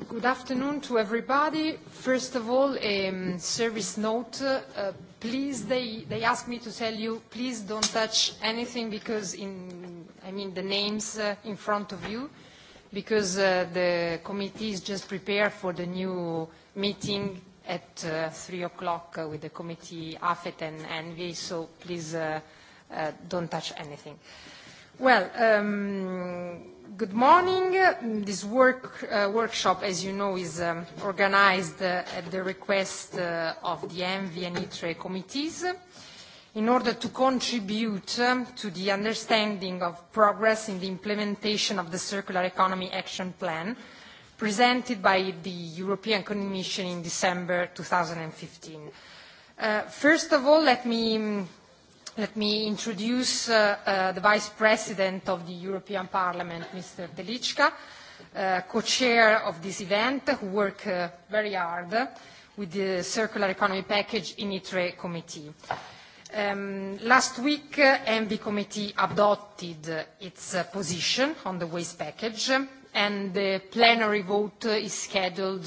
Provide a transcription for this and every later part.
good afternoon to everybody. First of all, a service note. Please, they they asked me to tell you, please don't touch anything because in, I mean, the names in front of you, because the committee is just prepared for the new meeting at 3 o'clock with the committee AFET and ENVI. So please don't touch anything. Well, good morning. This workshop, as you know, is organized at the request of the ENVI and ITRE committees in order to contribute to the understanding of progress in the implementation of the Circular Economy Action Plan presented by the European Commission in December 2015. First of all, let me Let me introduce the Vice President of the European Parliament, Mr. uh, co-chair of this event, who worked very hard with the Circular Economy Package in ITRE Committee. Last week, ENVI Committee adopted its position on the waste package, and the plenary vote is scheduled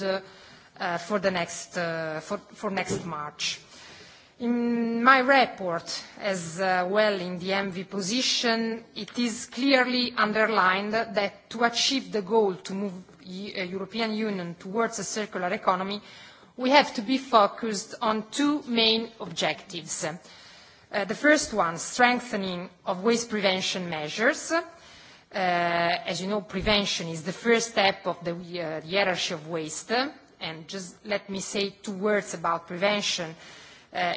for next March. In my report, as well in the MV position, it is clearly underlined that to achieve the goal to move the European Union towards a circular economy, we have to be focused on two main objectives. The first one, strengthening of waste prevention measures. As you know, prevention is the first step of the hierarchy of waste. And just let me say two words about prevention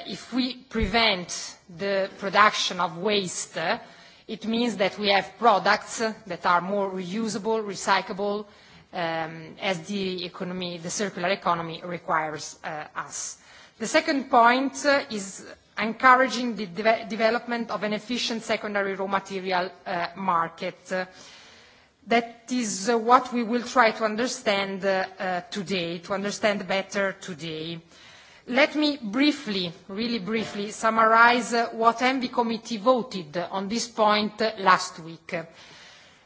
if we prevent the production of waste, it means that we have products that are more reusable, recyclable, as the economy, the circular economy requires us. The second point is encouraging the development of an efficient secondary raw material market. That is what we will try to understand today, to understand better today. Let me briefly, really briefly, summarize what ENVI Committee voted on this point last week.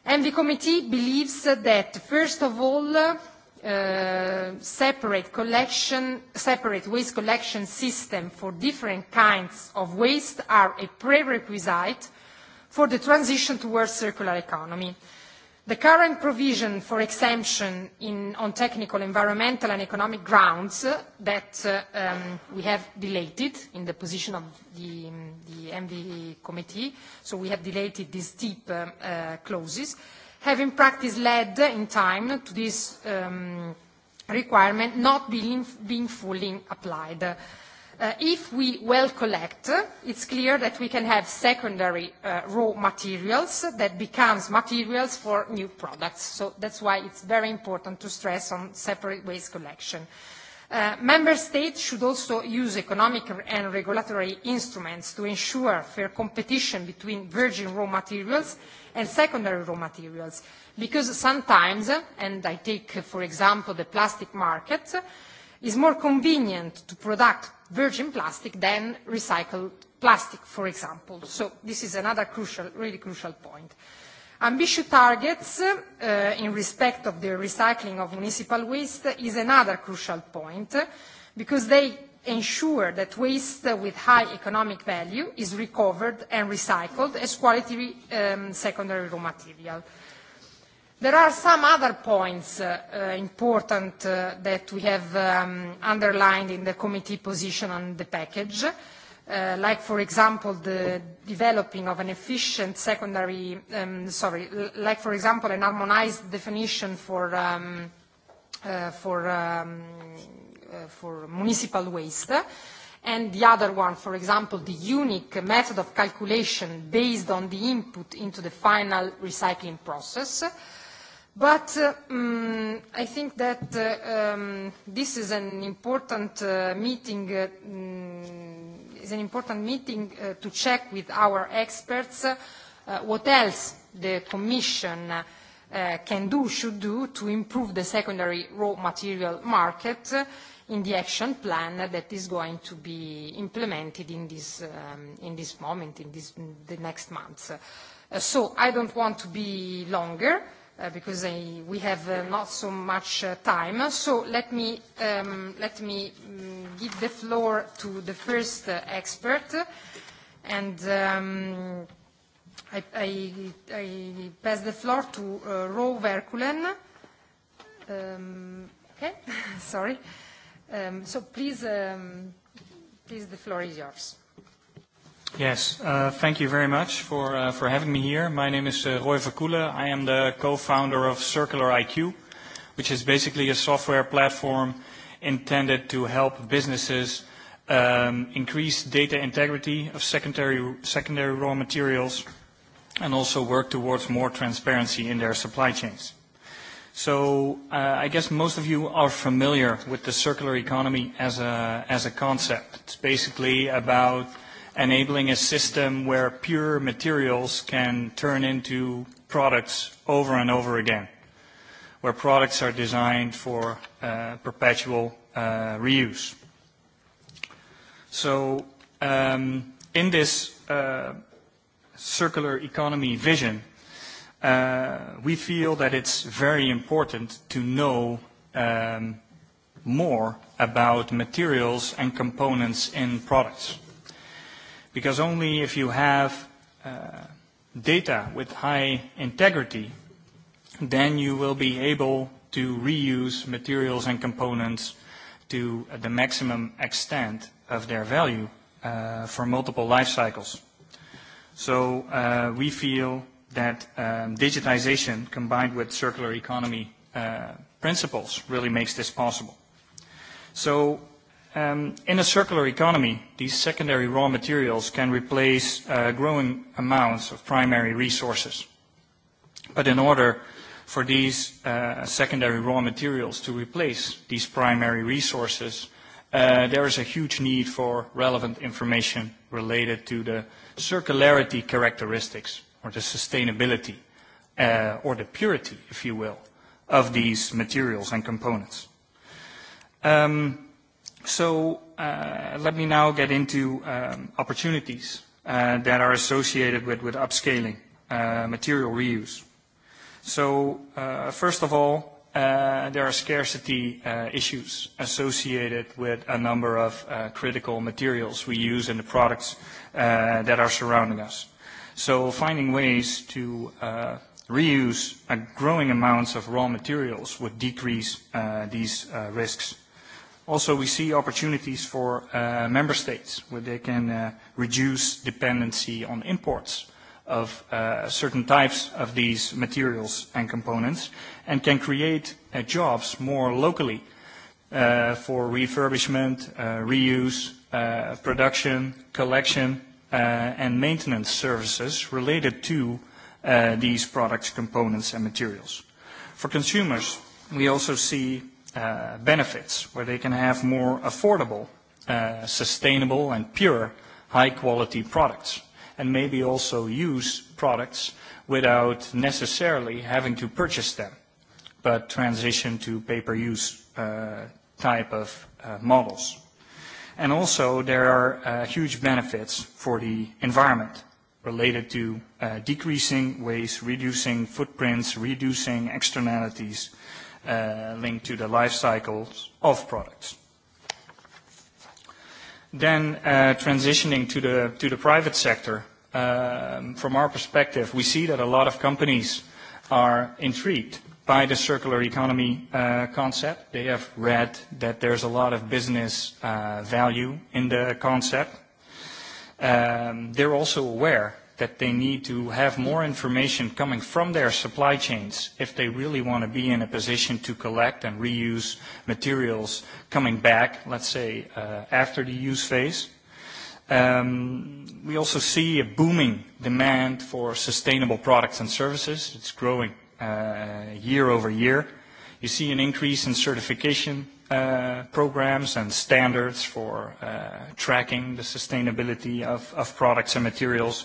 ENVI Committee believes that, first of all, separate collection, separate waste collection system for different kinds of waste are a prerequisite for the transition towards circular economy. The current provision for exemption on technical, environmental and economic grounds that we have deleted in the position of the MV committee, so we have deleted these deep clauses, have in practice led in time to this requirement not being fully applied if we well collect, it's clear that we can have secondary raw materials that becomes materials for new products. So that's why it's very important to stress on separate waste collection. Member states should also use economic and regulatory instruments to ensure fair competition between virgin raw materials and secondary raw materials, because sometimes, and I take, for example, the plastic market, is more convenient to product virgin plastic than recycled plastic, for example. So this is another crucial, really crucial point. Ambitious targets in respect of the recycling of municipal waste is another crucial point because they ensure that waste with high economic value is recovered and recycled as quality secondary raw material. There are some other points important that we have underlined in the committee position on the package, like, for example, the developing of an efficient secondary, sorry, like, for example, an harmonized definition for for municipal waste, and the other one, for example, the unique method of calculation based on the input into the final recycling process But I think that this is an important meeting, is an important meeting to check with our experts what else the Commission can do, should do, to improve the secondary raw material market in the action plan that is going to be implemented in this in this moment, in the next months. So I don't want to be longer because we have not so much time. So let me give the floor to the first expert, and I pass the floor to Ro Verkulen. Okay, sorry. So please, the floor is yours. Yes, thank you very much for for having me here. My name is Roy Vakula. I am the co-founder of Circular IQ, which is basically a software platform intended to help businesses increase data integrity of secondary secondary raw materials and also work towards more transparency in their supply chains. So I guess most of you are familiar with the circular economy as a as a concept. It's basically about enabling a system where pure materials can turn into products over and over again, where products are designed for perpetual reuse. So in this circular economy vision, we feel that it's very important to know more about materials and components in products because only if you have data with high integrity, then you will be able to reuse materials and components to the maximum extent of their value for multiple life cycles. So we feel that digitization combined with circular economy principles really makes this possible. So In a circular economy, these secondary raw materials can replace growing amounts of primary resources. But in order for these secondary raw materials to replace these primary resources, there is a huge need for relevant information related to the circularity characteristics, or the sustainability, or the purity, if you will, of these materials and components. Um So let me now get into opportunities that are associated with upscaling material reuse. So first of all, there are scarcity issues associated with a number of critical materials we use in the products that are surrounding us. So finding ways to reuse growing amounts of raw materials would decrease these risks. Also, we see opportunities for member states where they can reduce dependency on imports of certain types of these materials and components and can create jobs more locally for refurbishment, reuse, production, collection, and maintenance services related to these products, components, and materials. For consumers, we also see benefits, where they can have more affordable, sustainable and pure high-quality products, and maybe also use products without necessarily having to purchase them, but transition to paper per use type of models. And also there are huge benefits for the environment related to decreasing waste, reducing footprints, reducing externalities, linked to the life cycles of products. Then transitioning to the to the private sector, from our perspective, we see that a lot of companies are intrigued by the circular economy concept. They have read that there's a lot of business value in the concept. They're also aware that they need to have more information coming from their supply chains if they really want to be in a position to collect and reuse materials coming back, let's say, after the use phase. We also see a booming demand for sustainable products and services. It's growing year over year. You see an increase in certification programs and standards for tracking the sustainability of products and materials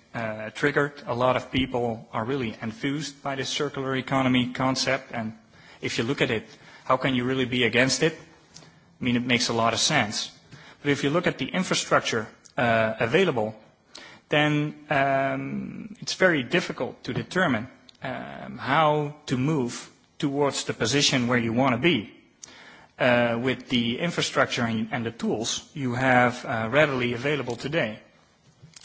triggered. A lot of people are really enthused by this circular economy concept, and if you look at it, how can you really be against it? I mean, it makes a lot of sense. But if you look at the infrastructure available, then it's very difficult to determine how to move towards the position where you want to be. With the infrastructure and the tools you have readily available today.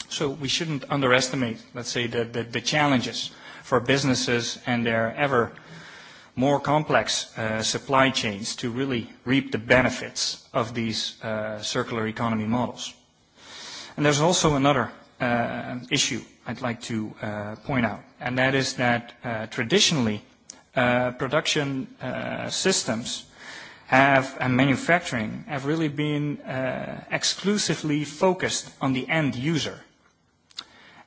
So we shouldn't underestimate, let's say, the, the, the challenges for businesses and their ever more complex supply chains to really reap the benefits of these circular economy models. And there's also another issue I'd like to point out, and that is that traditionally production systems have and manufacturing have really been exclusively focused on the end user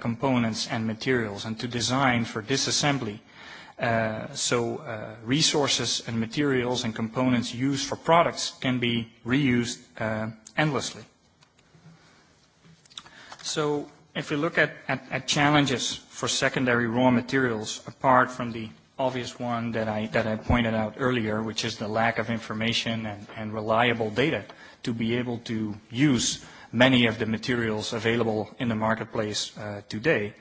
components and materials and to design for disassembly. So resources and materials and components used for products can be reused endlessly. So if we look at challenges for secondary raw materials, apart from the obvious one that I that I pointed out earlier, which is the lack of information and reliable data to be able to use many of the materials available in the marketplace today.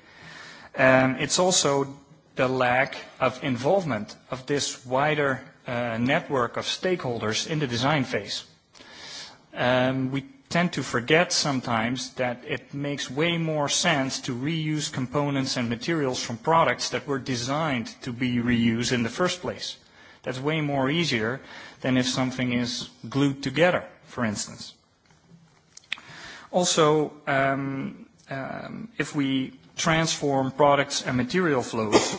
It's also the lack of involvement of this wider network of stakeholders in the design phase. We tend to forget sometimes that it makes way more sense to reuse components and materials from products that were designed to be reused in the first place. That's way more easier than if something is glued together, for instance. Also, if we transform products and material flows,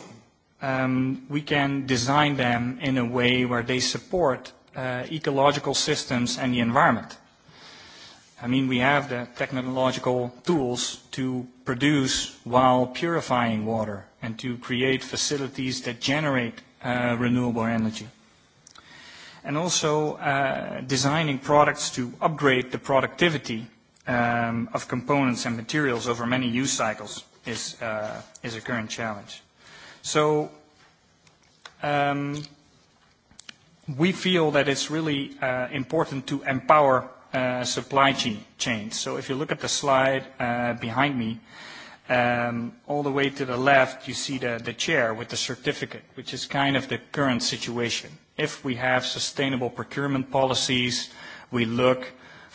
we can design them in a way where they support ecological systems and the environment. I mean, we have the technological tools to produce while purifying water and to create facilities that generate renewable energy. And also designing products to upgrade the productivity of components and materials over many use cycles is a current challenge. So we feel that it's really important to empower supply chains. So if you look at the slide behind me, all the way to the left, you see the chair with the certificate, which is kind of the current situation. If we have sustainable procurement policies, we look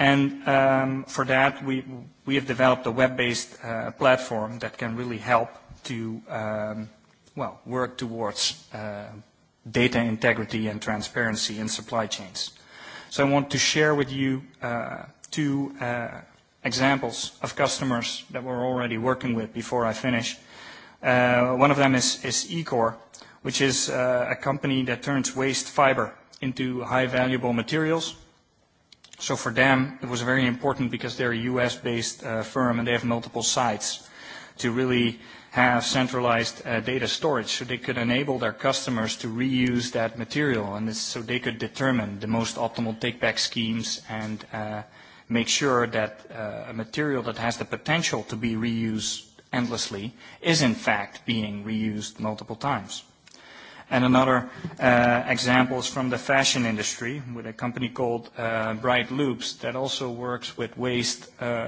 And for that, we we have developed a web-based platform that can really help to, well, work towards data integrity and transparency in supply chains. So I want to share with you two examples of customers that we're already working with before I finish. One of them is Ecor, which is a company that turns waste fiber into high-valuable materials So for them, it was very important because they're a US-based firm and they have multiple sites to really have centralized data storage so they could enable their customers to reuse that material and so they could determine the most optimal take-back schemes and make sure that a material that has the potential to be reused endlessly is in fact being reused multiple times. And another example is from the fashion industry with a company called Bright Loops that also works with waste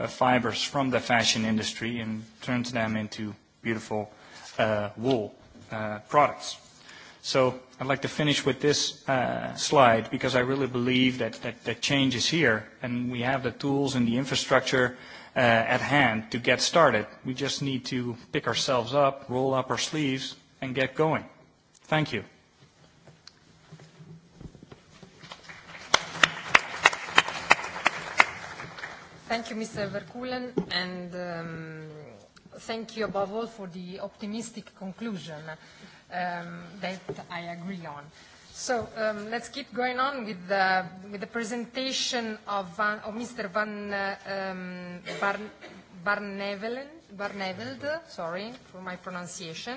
fibers from the fashion industry and turns them into beautiful wool products. So I'd like to finish with this slide because I really believe that change is here and we have the tools and the infrastructure at hand to get started. We just need to pick ourselves up, roll up our sleeves, and get going. Thank you. Thank you, Mr. Verkulen, and thank you above all for the optimistic conclusion that I agree on. So let's keep going on with the with the presentation of Mr. Van Barneveld, sorry for my pronunciation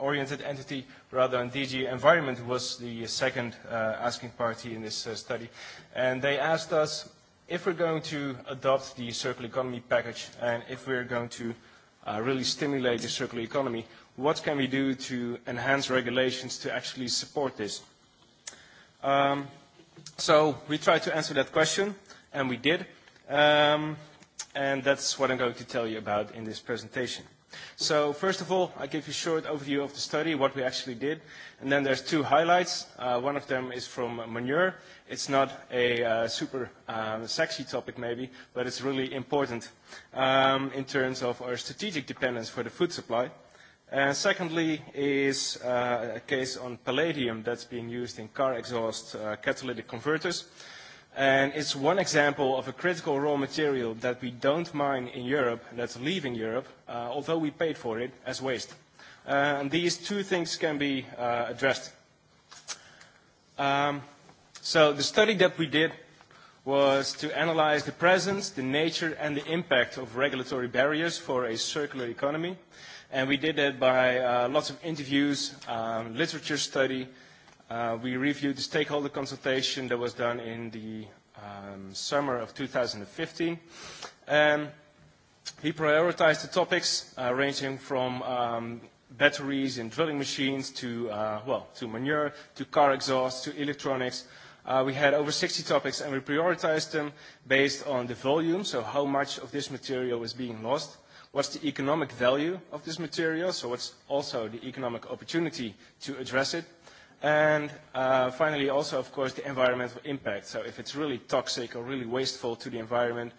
oriented entity rather than DG Environment was the second asking party in this study. And they asked us if we're going to adopt the circular economy package and if we're going to really stimulate the circular economy, what can we do to enhance regulations to actually support this? So we tried to answer that question, and we did. And that's what I'm going to tell you about in this presentation. So first of all, I give you a short overview of the study, what we actually did, and then there's two highlights. One of them is from manure. It's not a super sexy topic maybe, but it's really important in terms of our strategic dependence for the food supply. secondly is a case on palladium that's being used in car exhaust catalytic converters. And it's one example of a critical raw material that we don't mine in Europe, that's leaving Europe, although we paid for it as waste. And these two things can be addressed. So the study that we did was to analyze the presence, the nature, and the impact of regulatory barriers for a circular economy. And we did that by lots of interviews, literature study, We reviewed the stakeholder consultation that was done in the summer of 2015. We prioritized the topics ranging from batteries and drilling machines to, well, to manure, to car exhaust, to electronics. We had over 60 topics and we prioritized them based on the volume, so how much of this material is being lost, what's the economic value of this material, so what's also the economic opportunity to address it, And finally, also, of course, the environmental impact. So if it's really toxic or really wasteful to the environment,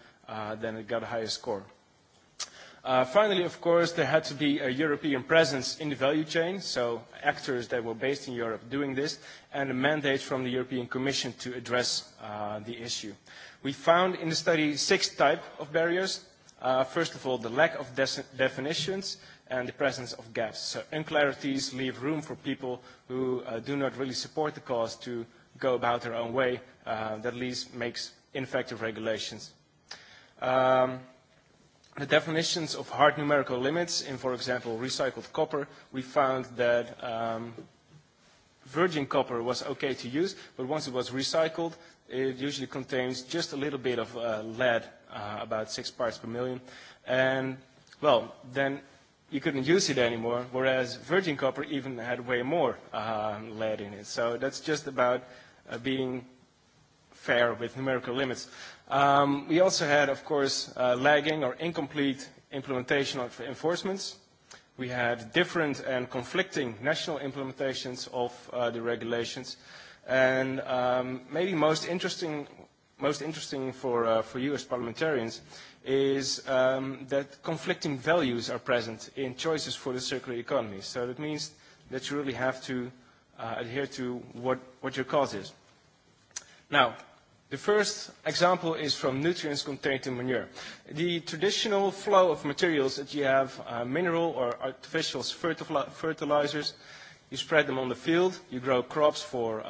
then it got a higher score. Finally, of course, there had to be a European presence in the value chain, so actors that were based in Europe doing this, and a mandate from the European Commission to address the issue. We found in the study six types of barriers. First of all, the lack of definitions and the presence of gaps. So unclarities leave room for people who do not really support the cause to go about their own way. That at least makes ineffective regulations. The definitions of hard numerical limits in, for example, recycled copper, we found that virgin copper was okay to use, but once it was recycled, it usually contains just a little bit of lead, about six parts per million. And, well, then you couldn't use it anymore, whereas virgin copper even had way more lead in it. So that's just about being fair with numerical limits. We also had, of course, lagging or incomplete implementation of enforcements. We had different and conflicting national implementations of the regulations. And maybe most interesting most interesting for for you as parliamentarians is that conflicting values are present in choices for the circular economy. So that means that you really have to adhere to what what your cause is. Now, the first example is from nutrients contained in manure. The traditional flow of materials that you have mineral or artificial fertilizers, you spread them on the field, you grow crops for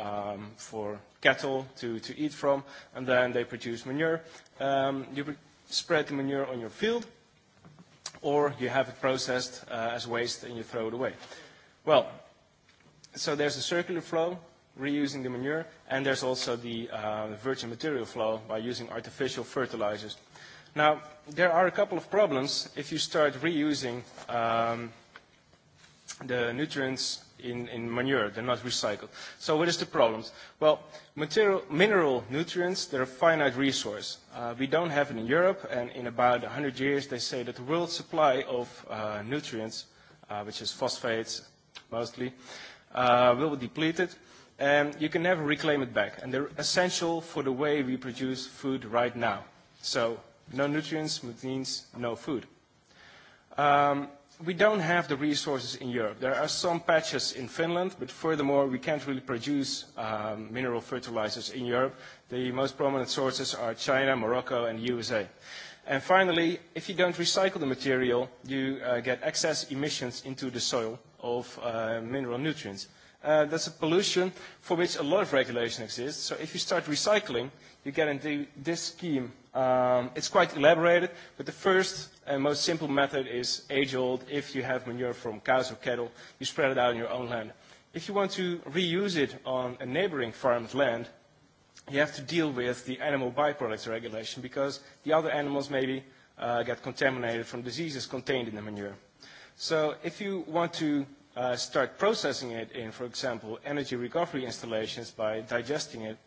for cattle to to eat from, and then they produce manure. You spread the manure on your field, or you have it processed as waste and you throw it away. Well, so there's a circular flow, reusing the manure, and there's also the virgin material flow by using artificial fertilizers. Now, there are a couple of problems if you start reusing the nutrients in, in manure. They're not recycled. So what is the problem? Well, material, mineral nutrients, they're a finite resource. we don't have it in Europe, and in about 100 years, they say that the world supply of uh, nutrients, uh, which is phosphates mostly, uh, will be depleted, and you can never reclaim it back. And they're essential for the way we produce food right now. So no nutrients means no food. Um, we don't have the resources in Europe. There are some patches in Finland, but furthermore, we can't really produce mineral fertilizers in Europe. The most prominent sources are China, Morocco, and USA. And finally, if you don't recycle the material, you get excess emissions into the soil of mineral nutrients that's a pollution for which a lot of regulation exists. So if you start recycling, you get into this scheme. It's quite elaborated, but the first and most simple method is age-old. If you have manure from cows or cattle, you spread it out on your own land. If you want to reuse it on a neighboring farmed land, you have to deal with the animal byproducts regulation because the other animals maybe get contaminated from diseases contained in the manure. So if you want to start processing it in, for example, energy recovery installations by digesting it,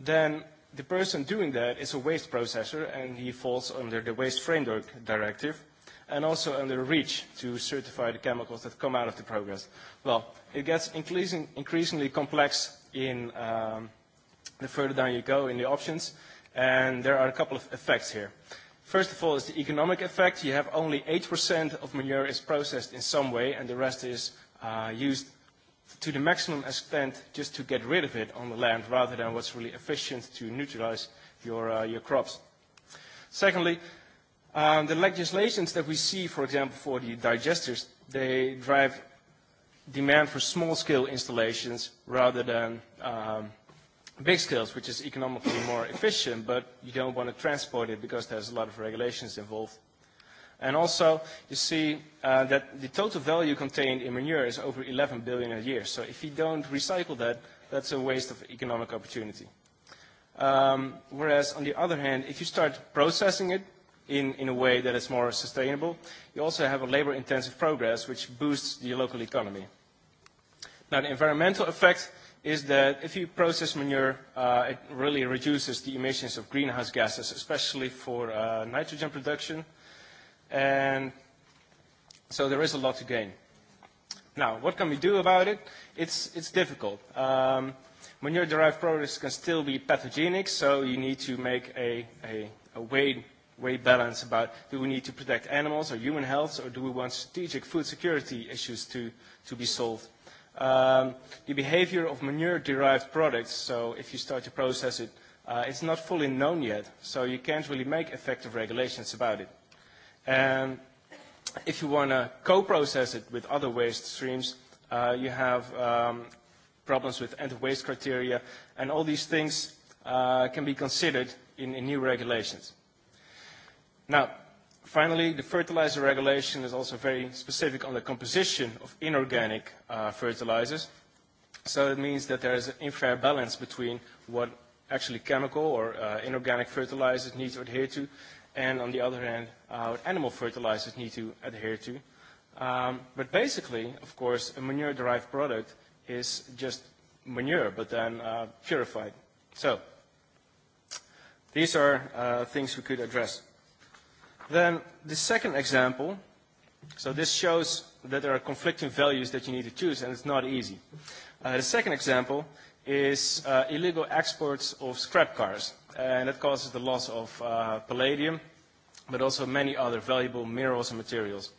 then the person doing that is a waste processor and he falls under the Waste Framework Directive and also under REACH to certify the chemicals that come out of the progress. Well, it gets increasingly complex in the further down you go in the options and there are a couple of effects here. First of all is the economic effect. You have only 8% of manure is processed in some way and the rest is used to the maximum extent just to get rid of it on the land rather than what's really efficient to neutralize your, your crops. Secondly, um, the legislations that we see, for example, for the digesters, they drive demand for small-scale installations rather than um, big scales, which is economically more efficient, but you don't want to transport it because there's a lot of regulations involved. And also, you see that the total value contained in manure is over 11 billion a year. So if you don't recycle that, that's a waste of economic opportunity. Whereas, on the other hand, if you start processing it in in a way that is more sustainable, you also have a labor-intensive progress, which boosts the local economy. Now, the environmental effect is that if you process manure, it really reduces the emissions of greenhouse gases, especially for nitrogen production. And so there is a lot to gain. Now, what can we do about it? It's, it's difficult. Um, manure-derived products can still be pathogenic, so you need to make a, a, a weight balance about do we need to protect animals or human health, or do we want strategic food security issues to, to be solved? The behavior of manure-derived products, so if you start to process it, it's not fully known yet, so you can't really make effective regulations about it. And if you want to co-process it with other waste streams, you have problems with end-of-waste criteria, and all these things can be considered in new regulations. Now, Finally, the fertilizer regulation is also very specific on the composition of inorganic fertilizers. So it means that there is an unfair balance between what actually chemical or inorganic fertilizers need to adhere to, and on the other hand, what animal fertilizers need to adhere to. But basically, of course, a manure-derived product is just manure, but then purified. So these are things we could address. Then the second example, so this shows that there are conflicting values that you need to choose, and it's not easy. The second example is illegal exports of scrap cars, and that causes the loss of palladium, but also many other valuable minerals and materials.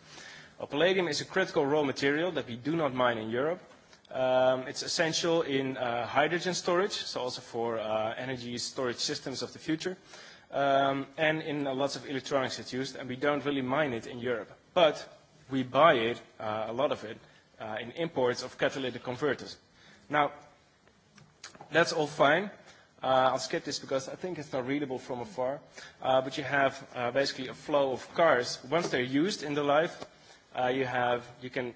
Palladium is a critical raw material that we do not mine in Europe. It's essential in hydrogen storage, so also for energy storage systems of the future, and in lots of electronics it's used, and we don't really mine it in Europe. But we buy it, a lot of it, in imports of catalytic converters. Now, that's all fine. I'll skip this because I think it's not readable from afar. But you have basically a flow of cars. Once they're used in the life, you have you can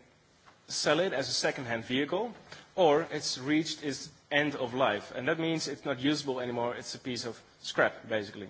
sell it as a second-hand vehicle, or it's reached its end of life, and that means it's not usable anymore. It's a piece of scrap, basically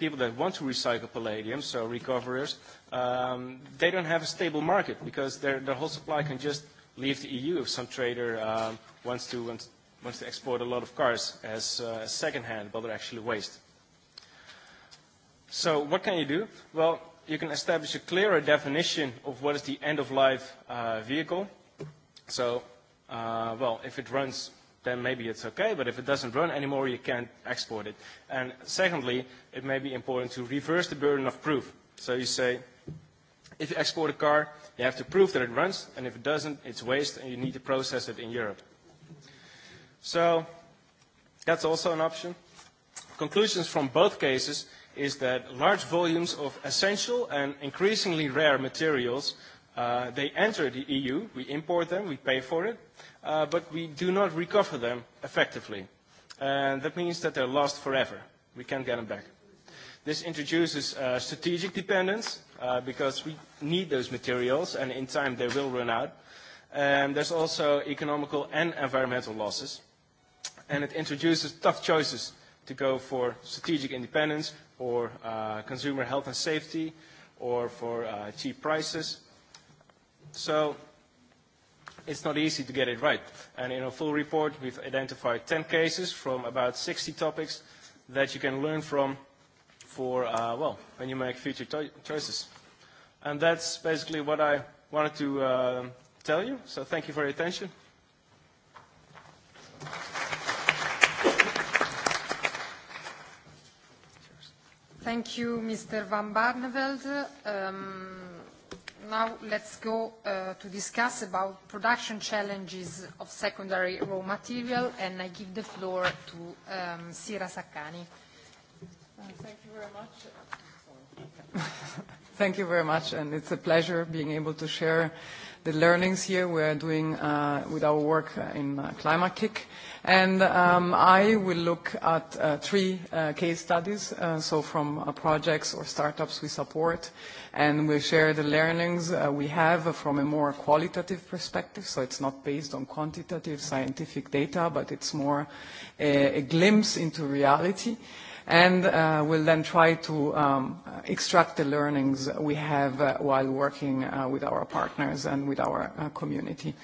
people that want to recycle palladium, so recoverers, um, they don't have a stable market because their, their whole supply can just leave the EU if some trader wants, to, wants, to export a lot of cars as uh, second-hand, but they're actually waste. So what can you do? Well, you can establish a clearer definition of what is the end-of-life vehicle. So, well, if it runs then maybe it's okay, but if it doesn't run anymore, you can't export it. And secondly, it may be important to reverse the burden of proof. So you say, if you export a car, you have to prove that it runs, and if it doesn't, it's waste, and you need to process it in Europe. So that's also an option. Conclusions from both cases is that large volumes of essential and increasingly rare materials They enter the EU, we import them, we pay for it, but we do not recover them effectively. And that means that they're lost forever. We can't get them back. This introduces strategic dependence because we need those materials and in time they will run out. And there's also economical and environmental losses. And it introduces tough choices to go for strategic independence or consumer health and safety or for cheap prices So it's not easy to get it right. And in a full report, we've identified 10 cases from about 60 topics that you can learn from for, well, when you make future choices. And that's basically what I wanted to tell you. So thank you for your attention. Thank you, Mr. Van Barneveld now let's go to discuss about production challenges of secondary raw material, and I give the floor to Sira Saccani. Thank you very much. Thank you very much, and it's a pleasure being able to share the learnings here we are doing with our work in Climate Kick. And I will look at three case studies, so from projects or startups we support, and we'll share the learnings we have from a more qualitative perspective, so it's not based on quantitative scientific data, but it's more a glimpse into reality and we'll then try to extract the learnings we have while working with our partners and with our community.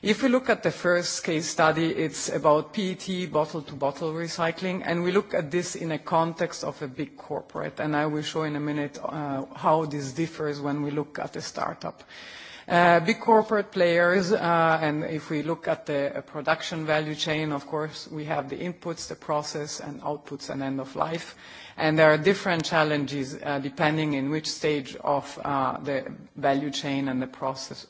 If we look at the first case study, it's about PET bottle-to-bottle recycling, and we look at this in a context of a big corporate, and I will show in a minute how this differs when we look at a startup. Big corporate players, and if we look at the production value chain, of course, we have the inputs, the process, and outputs, and end of life. And there are different challenges depending in which stage of the value chain and the process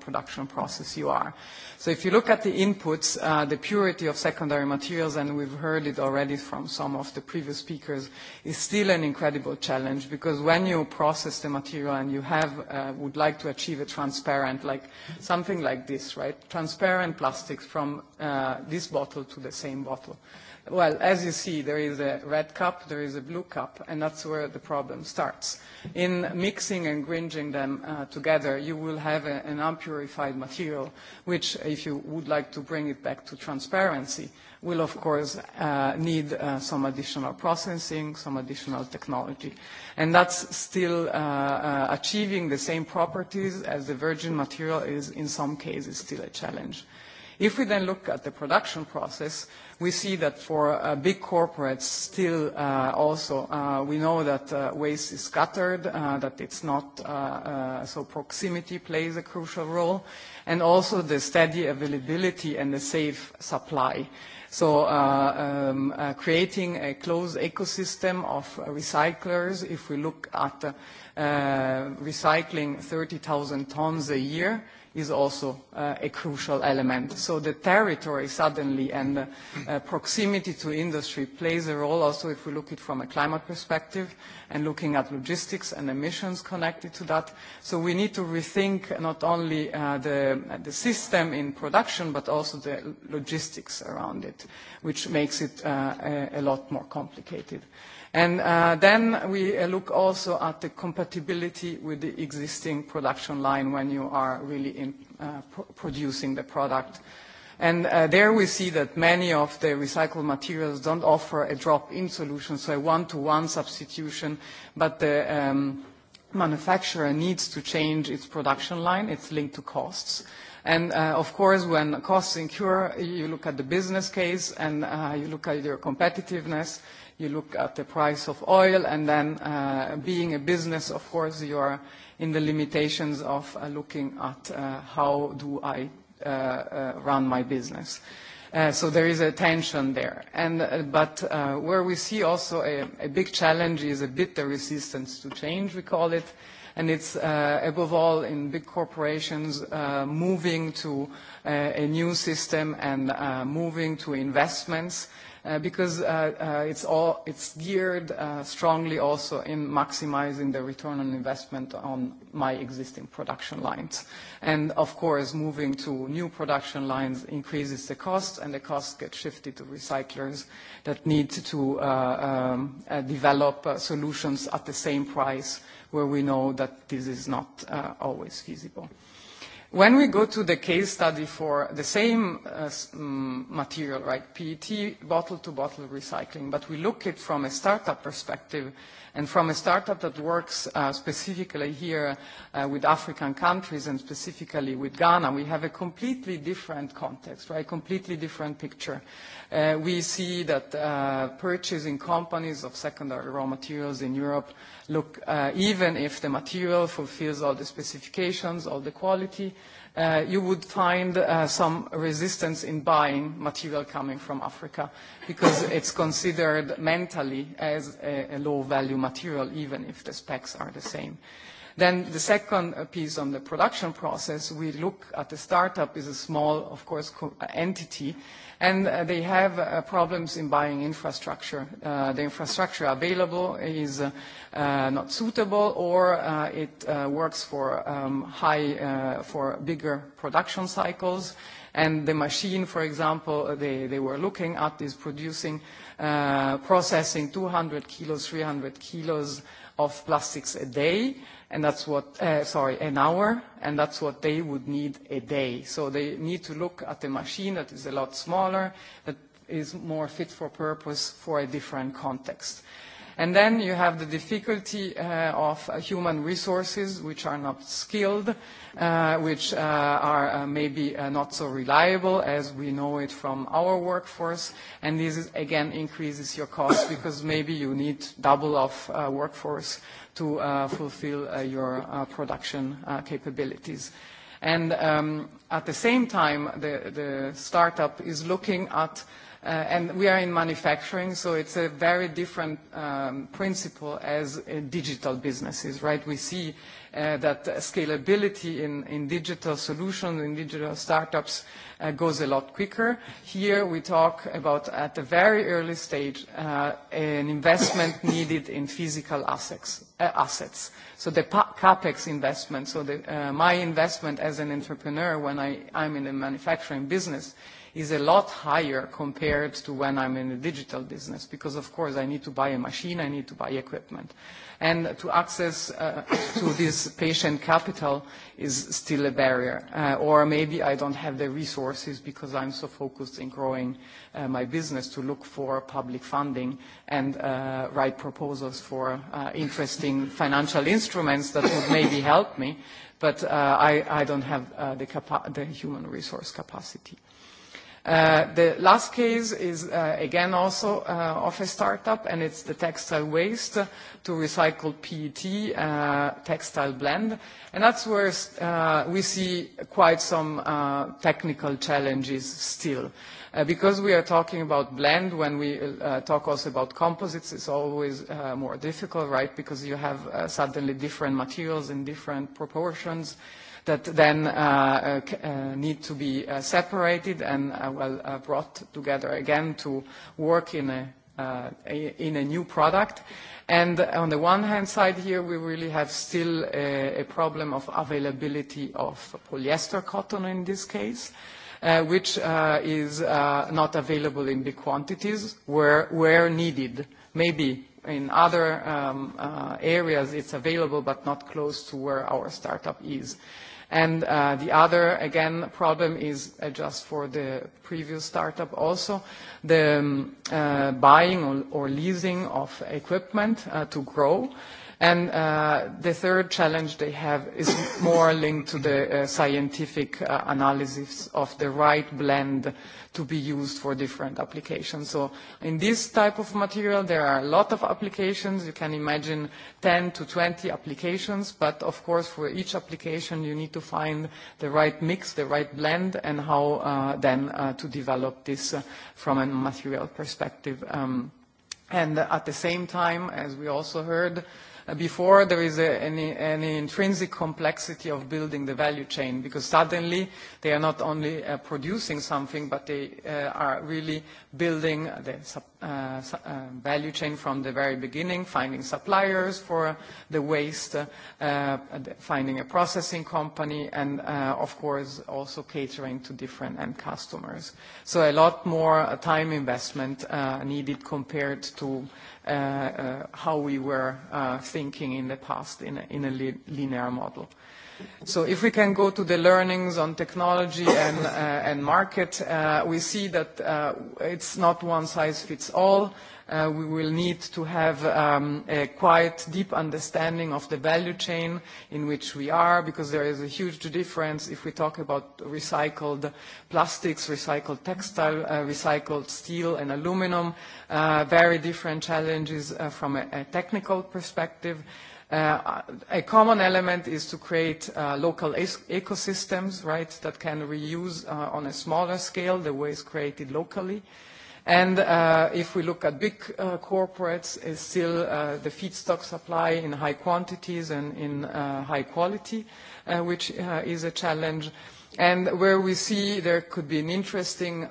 production process you are. So if you look at the inputs, the purity of secondary materials, and we've heard it already from some of the previous speakers, is still an incredible challenge because when you process the material and you have would like to achieve a transparent, like something like this, right? Transparent plastics from this bottle to the same bottle well, as you see, there is a red cup, there is a blue cup, and that's where the problem starts. In mixing and gringing them together, you will have an unpurified material, which, if you would like to bring it back to transparency, will, of course, need some additional processing, some additional technology. And that's still achieving the same properties as the virgin material is, in some cases, still a challenge. If we then look at the production process, we see that for big corporates still also we know that waste is scattered, that it's not so proximity plays a crucial role, and also the steady availability and the safe supply. So creating a closed ecosystem of recyclers, if we look at recycling 30,000 tons a year, is also a crucial element. So the territory suddenly and proximity to industry plays a role also if we look at it from a climate perspective and looking at logistics and emissions connected to that. So we need to rethink not only the system in production but also the logistics around it, which makes it a lot more complicated. And then we look also at the compatibility with the existing production line when you are really producing the product. And there we see that many of the recycled materials don't offer a drop-in solution, so a one-to-one substitution, but the manufacturer needs to change its production line. It's linked to costs. And of course, when costs incur, you look at the business case and you look at your competitiveness you look at the price of oil, and then being a business, of course, you are in the limitations of looking at how do I run my business. So there is a tension there. And But where we see also a big challenge is a bit the resistance to change, we call it, and it's above all in big corporations moving to a new system and moving to investments because it's all it's geared strongly also in maximizing the return on investment on my existing production lines. And of course, moving to new production lines increases the cost, and the costs get shifted to recyclers that need to develop solutions at the same price where we know that this is not always feasible. When we go to the case study for the same material, right, PET, bottle-to-bottle recycling, but we look at it from a startup perspective, from a startup that works specifically here with African countries and specifically with Ghana, we have a completely different context, right? Completely different picture. We see that purchasing companies of secondary raw materials in Europe look, even if the material fulfills all the specifications, all the quality, you would find some resistance in buying material coming from Africa because it's considered mentally as a low-value material, even if the specs are the same. Then the second piece on the production process, we look at the startup is a small, of course, entity and they have problems in buying infrastructure. The infrastructure available is not suitable or it works for high, for bigger production cycles. And the machine, for example, they were looking at is producing, processing 200 kilos, 300 kilos of plastics a day and that's what, sorry, an hour, and that's what they would need a day. So they need to look at a machine that is a lot smaller, that is more fit for purpose for a different context. And then you have the difficulty of human resources, which are not skilled, which are maybe not so reliable as we know it from our workforce. And this, again, increases your cost because maybe you need double of workforce to fulfill your production capabilities. And at the same time, the startup is looking at And we are in manufacturing, so it's a very different principle as digital businesses, right? We see that scalability in digital solutions, in digital startups, goes a lot quicker. Here we talk about, at a very early stage, an investment needed in physical assets. So the CapEx investment, so my investment as an entrepreneur when I I'm in a manufacturing business is a lot higher compared to when I'm in a digital business because, of course, I need to buy a machine, I need to buy equipment. And to access to this patient capital is still a barrier. Or maybe I don't have the resources because I'm so focused in growing my business to look for public funding and write proposals for interesting financial instruments that would maybe help me, but I don't have the human resource capacity. The last case is, again, also of a startup, and it's the textile waste to recycle PET textile blend. And that's where we see quite some technical challenges still. Because we are talking about blend, when we talk also about composites, it's always more difficult, right, because you have suddenly different materials in different proportions that then need to be separated and well brought together again to work in a in a new product. And on the one hand side here, we really have still a problem of availability of polyester cotton in this case, which is not available in big quantities where needed. Maybe in other areas it's available, but not close to where our startup is. And the other, again, problem is just for the previous startup also, the buying or leasing of equipment to grow. And the third challenge they have is more linked to the scientific analysis of the right blend to be used for different applications. So in this type of material, there are a lot of applications. You can imagine 10 to 20 applications, but of course for each application you need to find the right mix, the right blend, and how then to develop this from a material perspective. And at the same time, as we also heard, before there is any intrinsic complexity of building the value chain because suddenly they are not only producing something but they are really building the value chain from the very beginning, finding suppliers for the waste, finding a processing company and of course also catering to different end customers. So a lot more time investment needed compared to how we were thinking in the past in a linear model. So if we can go to the learnings on technology and market, we see that it's not one size fits all we will need to have a quite deep understanding of the value chain in which we are, because there is a huge difference if we talk about recycled plastics, recycled textile, recycled steel and aluminum, very different challenges from a technical perspective. A common element is to create local ecosystems, right, that can reuse on a smaller scale the waste created locally. And if we look at big corporates, it's still the feedstock supply in high quantities and in high quality, which is a challenge. And where we see there could be an interesting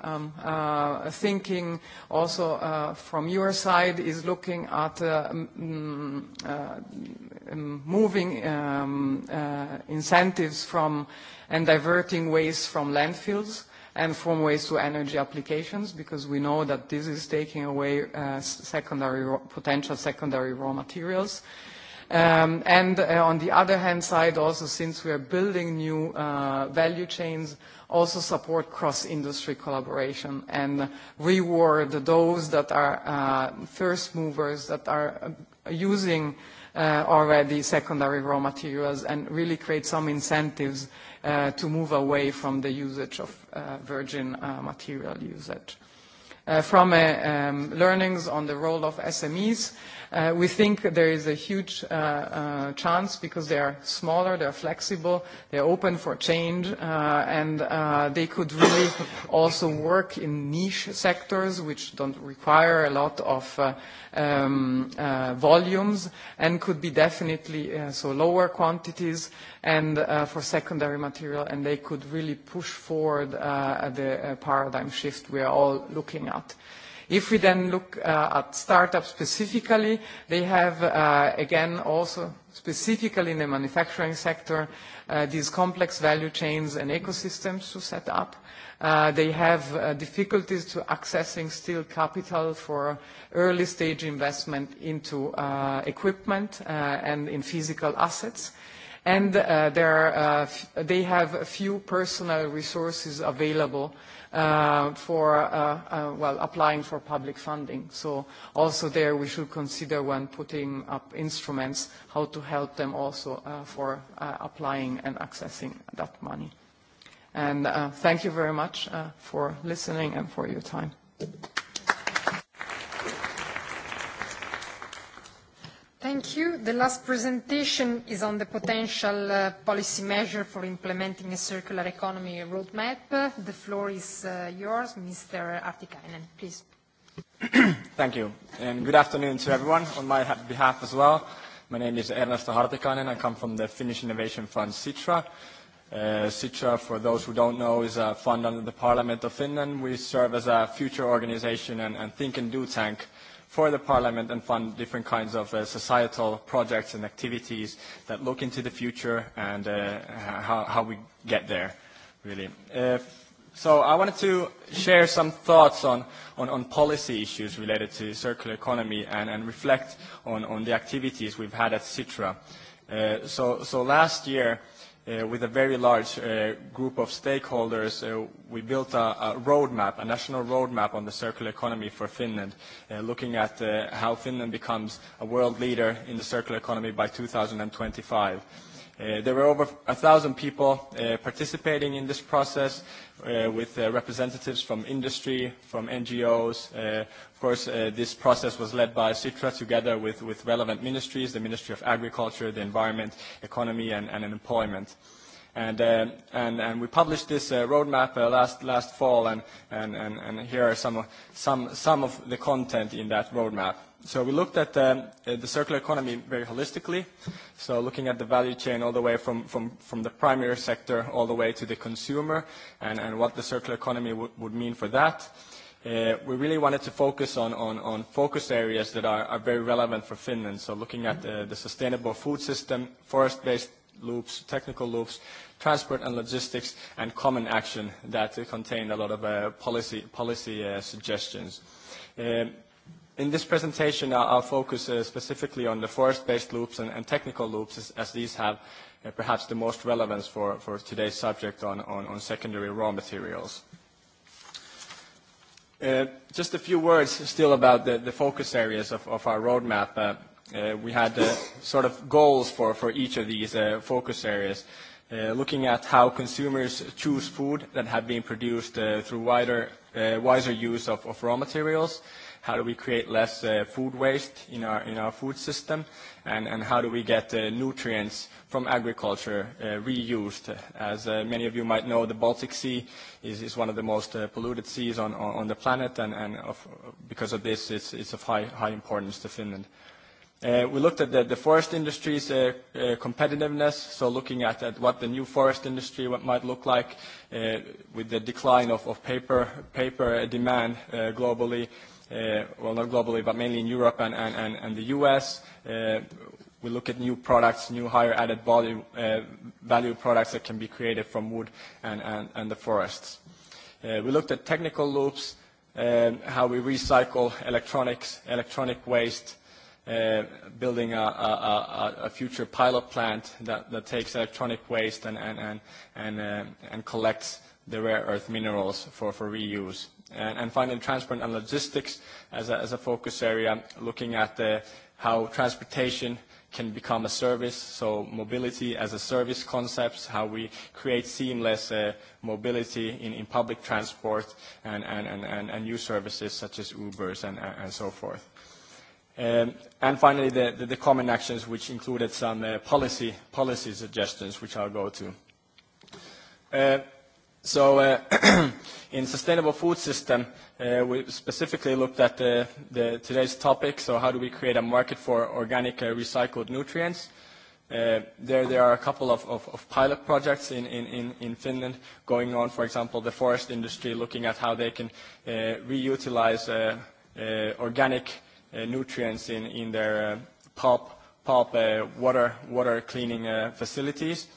thinking also from your side is looking at moving incentives from and diverting waste from landfills and from waste to energy applications, because we know that this is taking away secondary potential secondary raw materials. And on the other hand side, also since we are building new value chains, also support cross-industry collaboration and reward those that are first movers, that are using already secondary raw materials and really create some incentives to move away from the usage of virgin material usage. From learnings on the role of SMEs, We think there is a huge chance because they are smaller, they are flexible, they are open for change, and they could really also work in niche sectors which don't require a lot of volumes and could be definitely so lower quantities and for secondary material, and they could really push forward the paradigm shift we are all looking at. If we then look at startups specifically, they have, again, also specifically in the manufacturing sector, these complex value chains and ecosystems to set up. They have difficulties to accessing still capital for early-stage investment into equipment and in physical assets. And they have few personal resources available for well applying for public funding. So also there we should consider when putting up instruments how to help them also for applying and accessing that money. And thank you very much for listening and for your time. Thank you. The last presentation is on the potential policy measure for implementing a circular economy roadmap. The floor is yours, Mr. Artikainen, please. Thank you, and good afternoon to everyone on my behalf as well. My name is Ernesto Hartikainen. I come from the Finnish Innovation Fund, Sitra. Sitra, for those who don't know, is a fund under the Parliament of Finland. We serve as a future organization and think and do tank for the Parliament and fund different kinds of societal projects and activities that look into the future and how how we get there, really. So I wanted to share some thoughts on on policy issues related to circular economy and and reflect on on the activities we've had at Citra. So last year with a very large group of stakeholders, we built a roadmap, a national roadmap on the circular economy for Finland, looking at how Finland becomes a world leader in the circular economy by 2025. There were over 1,000 people participating in this process with representatives from industry, from NGOs, Of course, this process was led by CITRA together with, with relevant ministries, the Ministry of Agriculture, the Environment, Economy and, and Employment. And, and, and we published this roadmap last, last fall, and, and, and, here are some, some, some of the content in that roadmap. So we looked at the, circular economy very holistically, so looking at the value chain all the way from, from, from the primary sector all the way to the consumer, and, and what the circular economy would mean for that We really wanted to focus on focus areas that are very relevant for Finland, so looking at the sustainable food system, forest-based loops, technical loops, transport and logistics, and common action that contain a lot of policy suggestions. In this presentation, I'll focus specifically on the forest-based loops and technical loops, as these have perhaps the most relevance for today's subject on secondary raw materials. Just a few words still about the focus areas of our roadmap. We had sort of goals for each of these focus areas, looking at how consumers choose food that have been produced through wider wiser use of raw materials, how do we create less food waste in our in our food system and and how do we get nutrients from agriculture reused as many of you might know the baltic sea is is one of the most polluted seas on on the planet and and because of this it's it's of high high importance to finland We looked at the forest industry's competitiveness, so looking at what the new forest industry might look like with the decline of paper demand globally, well, not globally, but mainly in Europe and, and, and, and the US. we look at new products, new higher added value, products that can be created from wood and, and, and the forests. we looked at technical loops, how we recycle electronics, electronic waste, building a, a, a future pilot plant that, that takes electronic waste and, and, and, and, and collects the rare earth minerals for, for reuse And finally, transport and logistics as a focus area, looking at how transportation can become a service, so mobility as a service concepts, how we create seamless mobility in public transport and new services such as Ubers and so forth. And finally, the common actions, which included some policy suggestions, which I'll go to. So in sustainable food system, we specifically looked at the today's topic, so how do we create a market for organic recycled nutrients. There there are a couple of of pilot projects in in in Finland going on, for example, the forest industry looking at how they can reutilize organic nutrients in their pulp water cleaning facilities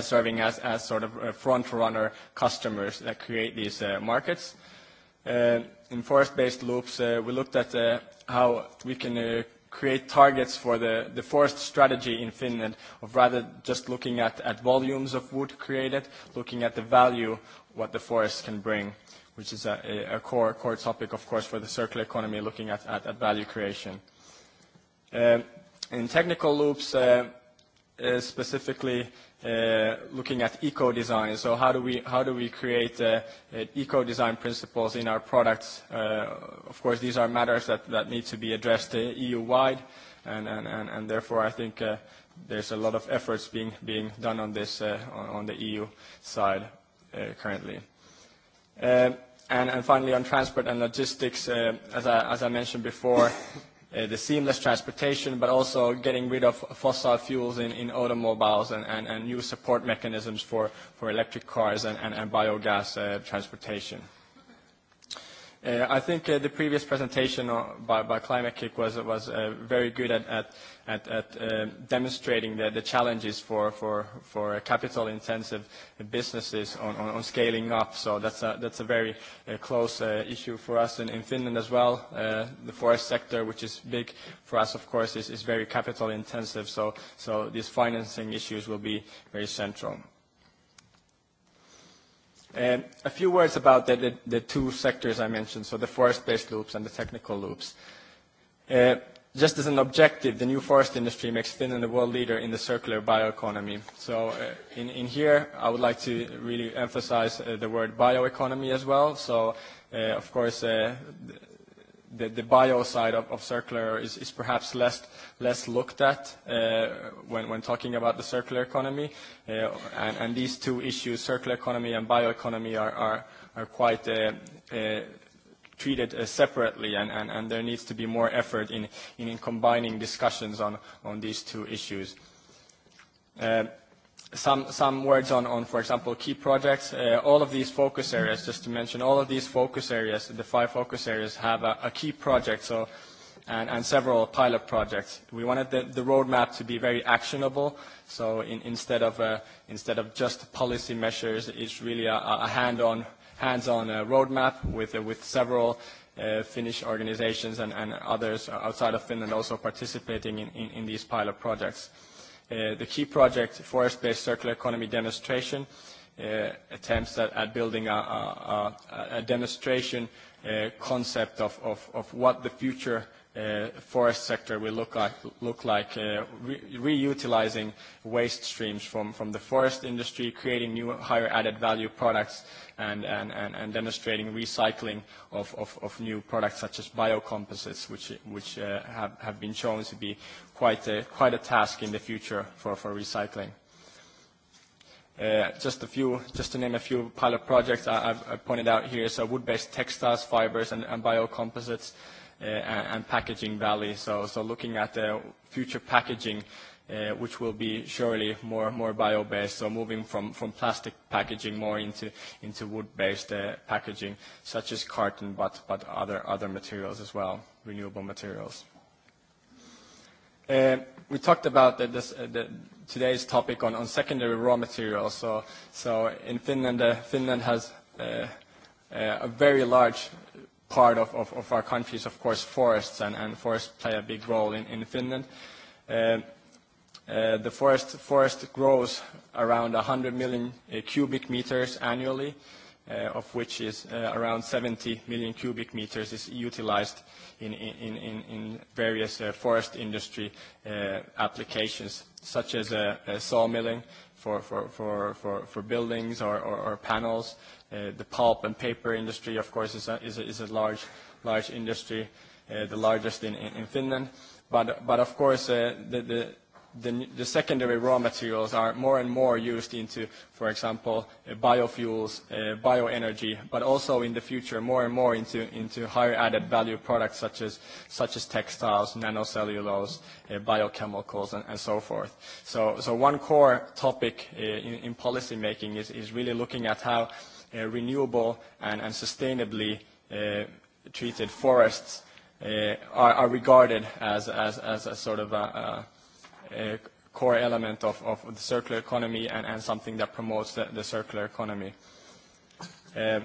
serving as as sort of front runner customers that create these markets. In forest based loops we looked at how we can create targets for the the forest strategy in Finland of rather just looking at at volumes of wood created, looking at the value what the forest can bring, which is a core core topic of course for the circular economy looking at at value creation. In technical loops specifically looking at eco-design. So how do we how do we create eco-design principles in our products? Of course, these are matters that that need to be addressed EU-wide, and and and and therefore I think there's a lot of efforts being being done on this on the EU side currently. And and finally, on transport and logistics, as as I mentioned before the seamless transportation, but also getting rid of fossil fuels in, in automobiles and, and, and new support mechanisms for, for electric cars and, and, and biogas transportation. I think the previous presentation by by Climate Kick was was very good at at at demonstrating the the challenges for for for capital intensive businesses on on scaling up. So that's a that's a very close issue for us in Finland as well. The forest sector, which is big for us, of course, is is very capital intensive. So so these financing issues will be very central. A few words about the two sectors I mentioned, so the forest-based loops and the technical loops. Just as an objective, the new forest industry makes Finland the world leader in the circular bioeconomy. So in here, I would like to really emphasize the word bioeconomy as well. So, of course, the, the bio side of, of circular is, is perhaps less, less looked at uh, when, when talking about the circular economy. Uh, and, and these two issues, circular economy and bioeconomy, are, are, are quite uh, uh, treated uh, separately, and, and, and there needs to be more effort in, in combining discussions on, on these two issues. Uh, Some words on, for example, key projects. All of these focus areas, just to mention, all of these focus areas, the five focus areas, have a key project, so and several pilot projects. We wanted the roadmap to be very actionable, so instead of instead of just policy measures, it's really a hands-on roadmap with with several Finnish organizations and others outside of Finland also participating in in these pilot projects the key project, Forest-Based Circular Economy Demonstration, attempts at building a demonstration concept of what the future forest sector will look like look like reutilizing waste streams from from the forest industry, creating new higher added value products and and and demonstrating recycling of of new products such as biocomposites which which have have been shown to be quite a quite a task in the future for for recycling. Just a few, just to name a few pilot projects I've pointed out here, so wood-based textiles, fibers, and biocomposites, and packaging valley. So looking at the future packaging, which will be surely more more bio-based, so moving from from plastic packaging more into into wood-based packaging, such as carton, but but other other materials as well, renewable materials. We talked about today's topic on secondary raw materials. So in Finland, Finland has a very large part of, of, of our country is, of course, forests, and, and forests play a big role in, in Finland. the forest, forest grows around 100 million cubic meters annually, of which is around 70 million cubic meters is utilized in, in, in, in various forest industry applications, such as sawmilling, for for for for for buildings or or panels. The pulp and paper industry, of course, is a is is a large large industry, the largest in in Finland. But but of course, the the secondary raw materials are more and more used into, for example, biofuels, bioenergy, but also in the future more and more into into higher added value products such as such as textiles, nanocellulose, biochemicals, and so forth. So so one core topic in policy making is is really looking at how renewable and sustainably treated forests are regarded as a sort of a core element of, of the circular economy and, and something that promotes the, the circular economy. Um,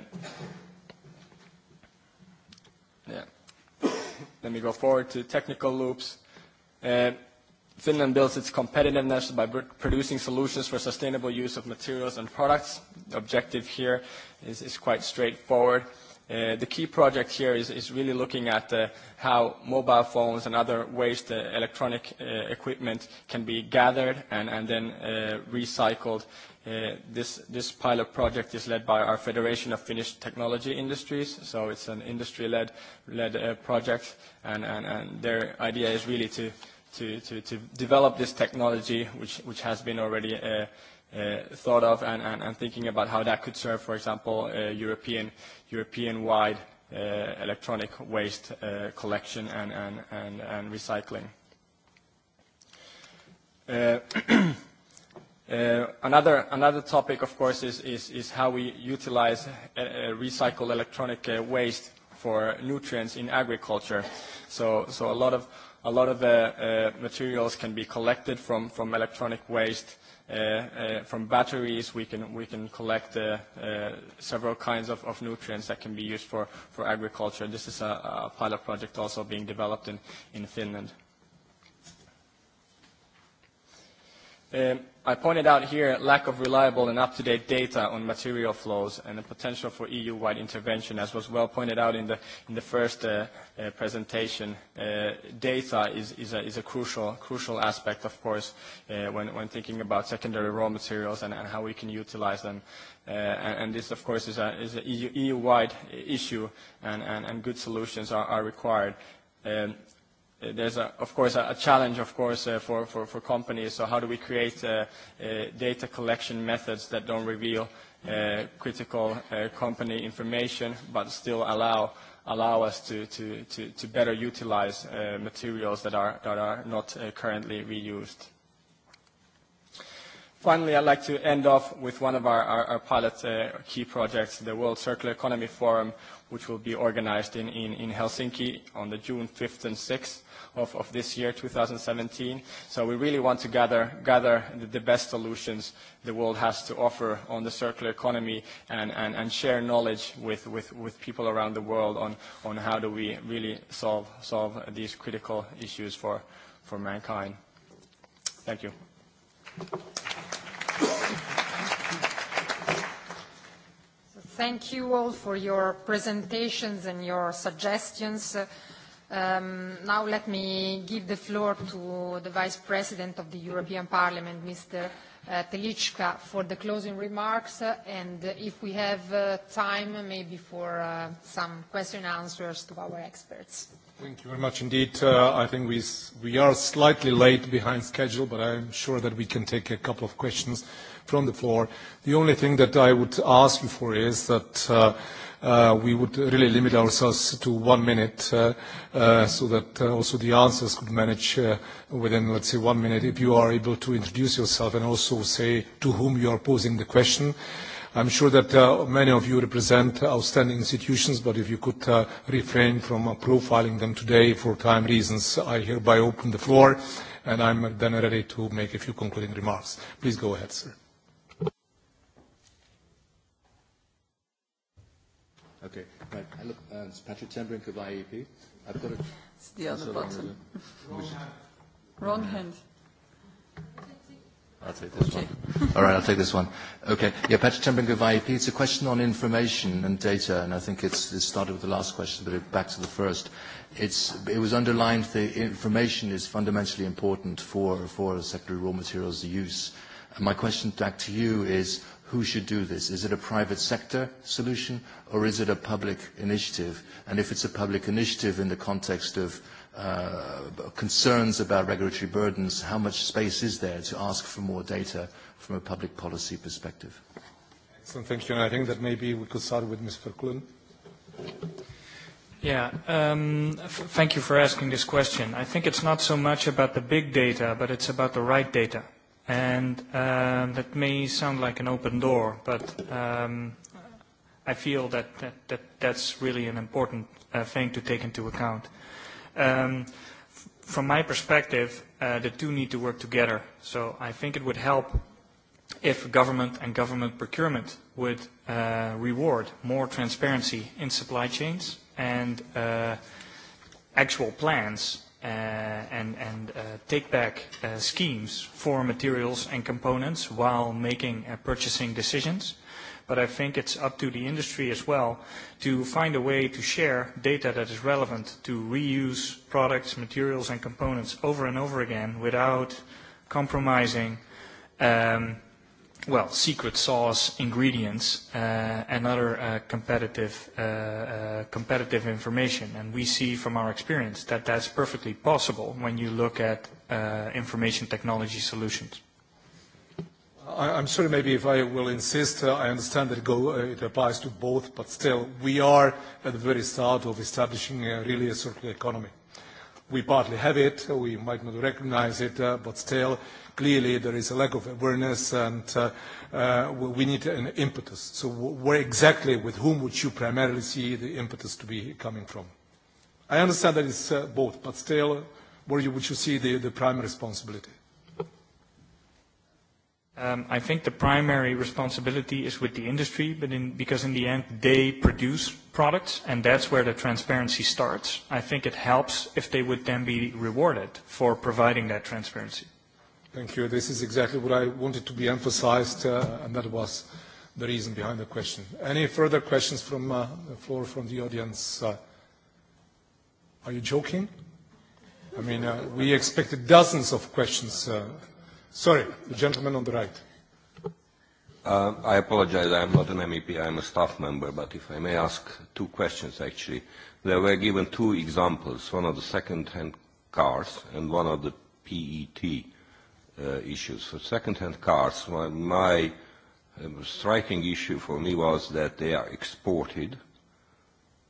yeah. Let me go forward to technical loops. Finland builds its competitiveness by producing solutions for sustainable use of materials and products. The objective here is, is quite straightforward. The key project here is really looking at how mobile phones and other waste electronic equipment can be gathered and then recycled. This pilot project is led by our Federation of Finnish Technology Industries, so it's an industry-led project, and their idea is really to develop this technology, which has been already thought of and and thinking about how that could serve, for example, European European-wide electronic waste collection and and and and recycling. Another another topic, of course, is is is how we utilize recycled electronic waste for nutrients in agriculture. So so a lot of a lot of materials can be collected from from electronic waste From batteries, we can we can collect several kinds of of nutrients that can be used for for agriculture. This is a pilot project also being developed in in Finland. I pointed out here lack of reliable and up-to-date data on material flows and the potential for EU-wide intervention, as was well pointed out in the in the first presentation. Data is is a crucial crucial aspect, of course, when when thinking about secondary raw materials and how we can utilize them. And this, of course, is a is a EU-wide issue, and and good solutions are required there's of course a challenge of course for for for companies so how do we create data collection methods that don't reveal critical company information but still allow allow us to to to better utilize materials that are that are not currently reused Finally, I'd like to end off with one of our, our, pilot key projects, the World Circular Economy Forum, which will be organized in, in, in Helsinki on the June 5th and 6th of this year, 2017. So we really want to gather the best solutions the world has to offer on the circular economy and share knowledge with people around the world on how do we really solve these critical issues for mankind. Thank you. Thank you all for your presentations and your suggestions. Now let me give the floor to the Vice President of the European Parliament, Mr. Telichka, for the closing remarks, and if we have time, maybe for some question and answers to our experts. Thank you very much indeed. I think we we are slightly late behind schedule, but I'm sure that we can take a couple of questions from the floor. The only thing that I would ask you for is that we would really limit ourselves to one minute so that also the answers could manage within, let's say, one minute if you are able to introduce yourself and also say to whom you are posing the question. I'm sure that many of you represent outstanding institutions, but if you could refrain from profiling them today for time reasons, I hereby open the floor, and I'm then ready to make a few concluding remarks. Please go ahead, sir. Okay. Right. I look, it's Patrick Tembrink of IEP. I've got a... It's the other button. Wrong hand. I'll take this one. All right, I'll take this one. Okay. Yeah, Patrick Tembrink of IEP. It's a question on information and data, and I think it's, it started with the last question, but it, back to the first. It's, it was underlined the information is fundamentally important for, for secondary raw materials use. And my question back to you is, who should do this? Is it a private sector solution or is it a public initiative? And if it's a public initiative in the context of concerns about regulatory burdens, how much space is there to ask for more data from a public policy perspective? Excellent, thank you. And I think that maybe we could start with Ms. Verkulen. Yeah, thank you for asking this question. I think it's not so much about the big data, but it's about the right data. And that may sound like an open door, but I feel that that that's really an important thing to take into account. From my perspective, the two need to work together. So I think it would help if government and government procurement would reward more transparency in supply chains and actual plans and take back schemes for materials and components while making purchasing decisions but i think it's up to the industry as well to find a way to share data that is relevant to reuse products materials and components over and over again without compromising um well, secret sauce, ingredients, and other competitive, information. And we see from our experience that that's perfectly possible when you look at information technology solutions. I'm sorry, maybe if I will insist, I understand that it applies to both, but still, we are at the very start of establishing really a circular economy We partly have it, we might not recognize it, but still, clearly there is a lack of awareness and we need an impetus. So where exactly, with whom would you primarily see the impetus to be coming from? I understand that it's both, but still, where would you see the prime responsibility? I think the primary responsibility is with the industry, but in, because in the end they produce products, and that's where the transparency starts. I think it helps if they would then be rewarded for providing that transparency. Thank you. This is exactly what I wanted to be emphasized, and that was the reason behind the question. Any further questions from the floor, from the audience? Are you joking? I mean, we expected dozens of questions. Sorry, the gentleman on the right. I apologize. I am not an MEP. I am a staff member. But if I may ask two questions, actually. There were given two examples, one of the second-hand cars and one of the PET issues. For second-hand cars, my striking issue for me was that they are exported,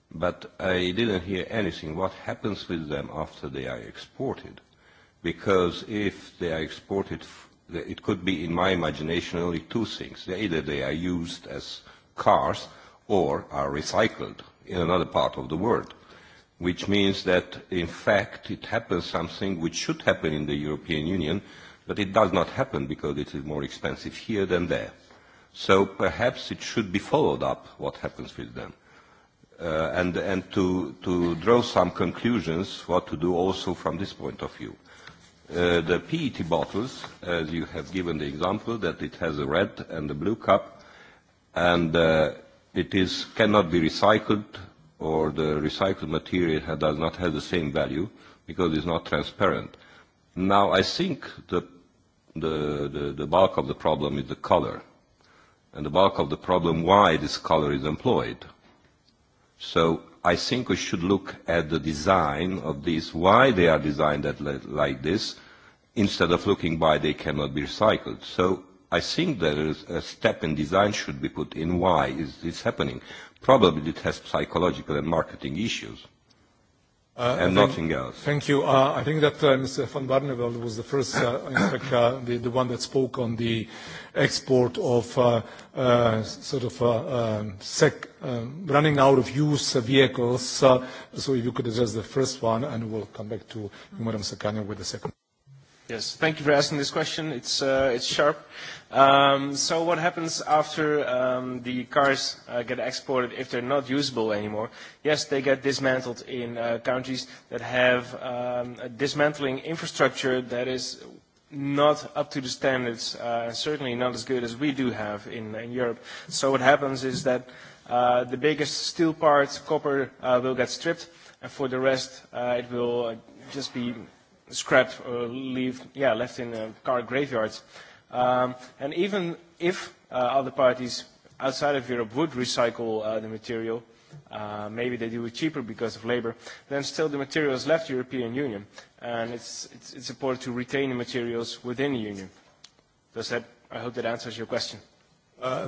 but I didn't hear anything. What happens with them after they are exported? because if they are exported, it could be, in my imagination, only two things. Either they are used as cars or are recycled in another part of the world, which means that, in fact, it happens something which should happen in the European Union, but it does not happen because it is more expensive here than there. So perhaps it should be followed up what happens with them. And to draw some conclusions what to do also from this point of view. The PET bottles, as you have given the example, that it has a red and a blue cup, and it is cannot be recycled, or the recycled material does not have the same value because it's not transparent. Now, I think the the the bulk of the problem is the color, and the bulk of the problem why this color is employed. So I think we should look at the design of these, why they are designed like this, instead of looking why they cannot be recycled. So I think there is a step in design should be put in why is this happening. Probably it has psychological and marketing issues and nothing else. Thank you. I think that Mr. van Barneveld was the first, in fact, the one that spoke on the export of sort of running out of use vehicles. So if you could address the first one, and we'll come back to Madam Sakanya with the second. Yes, thank you for asking this question. It's it's sharp. So what happens after the cars get exported if they're not usable anymore? Yes, they get dismantled in countries that have a dismantling infrastructure that is not up to the standards and certainly not as good as we do have in Europe. So what happens is that the biggest steel parts, copper, will get stripped, and for the rest it will just be scrap yeah, left in car graveyards. Um And even if other parties outside of Europe would recycle the material, maybe they do it cheaper because of labor, then still the materials left the European Union. And it's, it's, it's important to retain the materials within the Union. Does that, I hope that answers your question.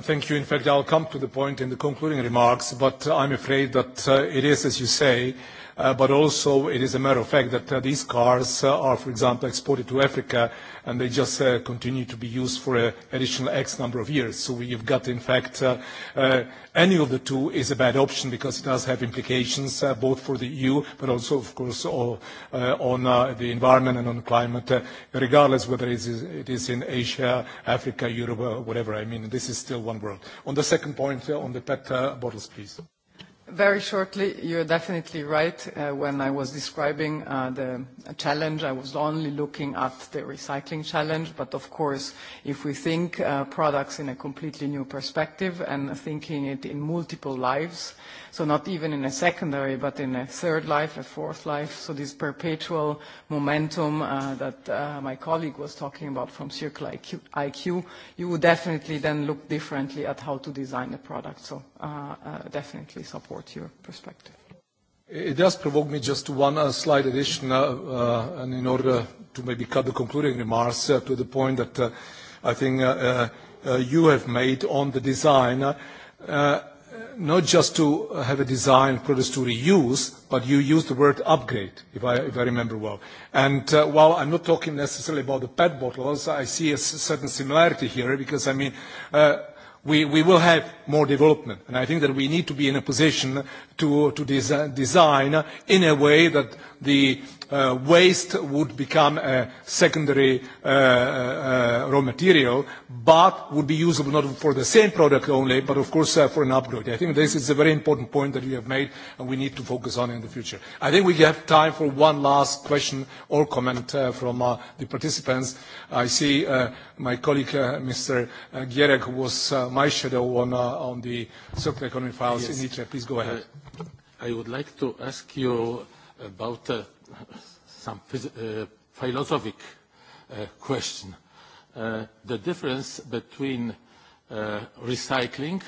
Thank you. In fact, I'll come to the point in the concluding remarks, but I'm afraid that it is, as you say, but also it is a matter of fact that these cars are, for example, exported to Africa, and they just continue to be used for an additional X number of years. So you've got, in fact, any of the two is a bad option because it does have implications both for the EU, but also, of course, on the environment and on the climate, regardless whether it is in Asia, Africa, Europe, or whatever. I mean, this is still one world. On the second point, on the PET bottles, please. Very shortly, you're definitely right. When I was describing the challenge, I was only looking at the recycling challenge. But of course, if we think products in a completely new perspective and thinking it in multiple lives, so not even in a secondary, but in a third life, a fourth life. So this perpetual momentum that my colleague was talking about from Circular IQ, you would definitely then look differently at how to design the product. So definitely support your perspective. It does provoke me just one slight addition, and in order to maybe cut the concluding remarks to the point that I think you have made on the design not just to have a design the to reuse, but you use the word upgrade, if I remember well. And while I'm not talking necessarily about the PET bottles, I see a certain similarity here because, I mean, we will have more development. And I think that we need to be in a position to design in a way that the waste would become a secondary raw material, but would be usable not for the same product only, but of course for an upgrade. I think this is a very important point that you have made and we need to focus on in the future. I think we have time for one last question or comment from the participants. I see my colleague, Mr. Gierek, who was my shadow on on the circular economy files in Italy. Please go ahead. I would like to ask you about some philosophic question. The difference between recycling,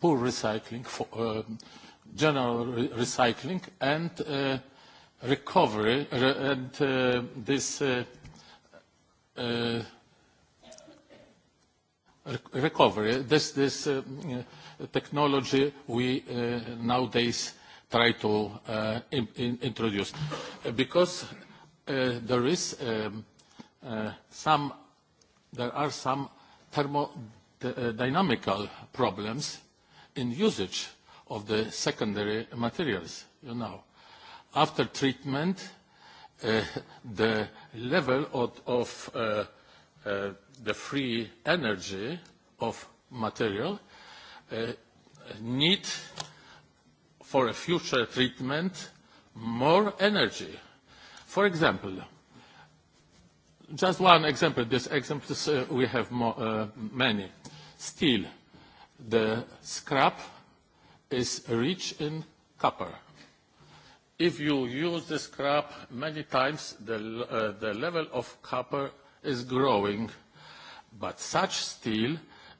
poor recycling, general recycling, and recovery, and this recovery. This technology we nowadays try to introduce because there is some there are some thermodynamical problems in usage of the secondary materials. You know, after treatment, the level of the free energy of material need for a future treatment more energy. For example, just one example, This example we have many. Steel, the scrap is rich in copper. If you use the scrap many times, the level of copper is growing but such steel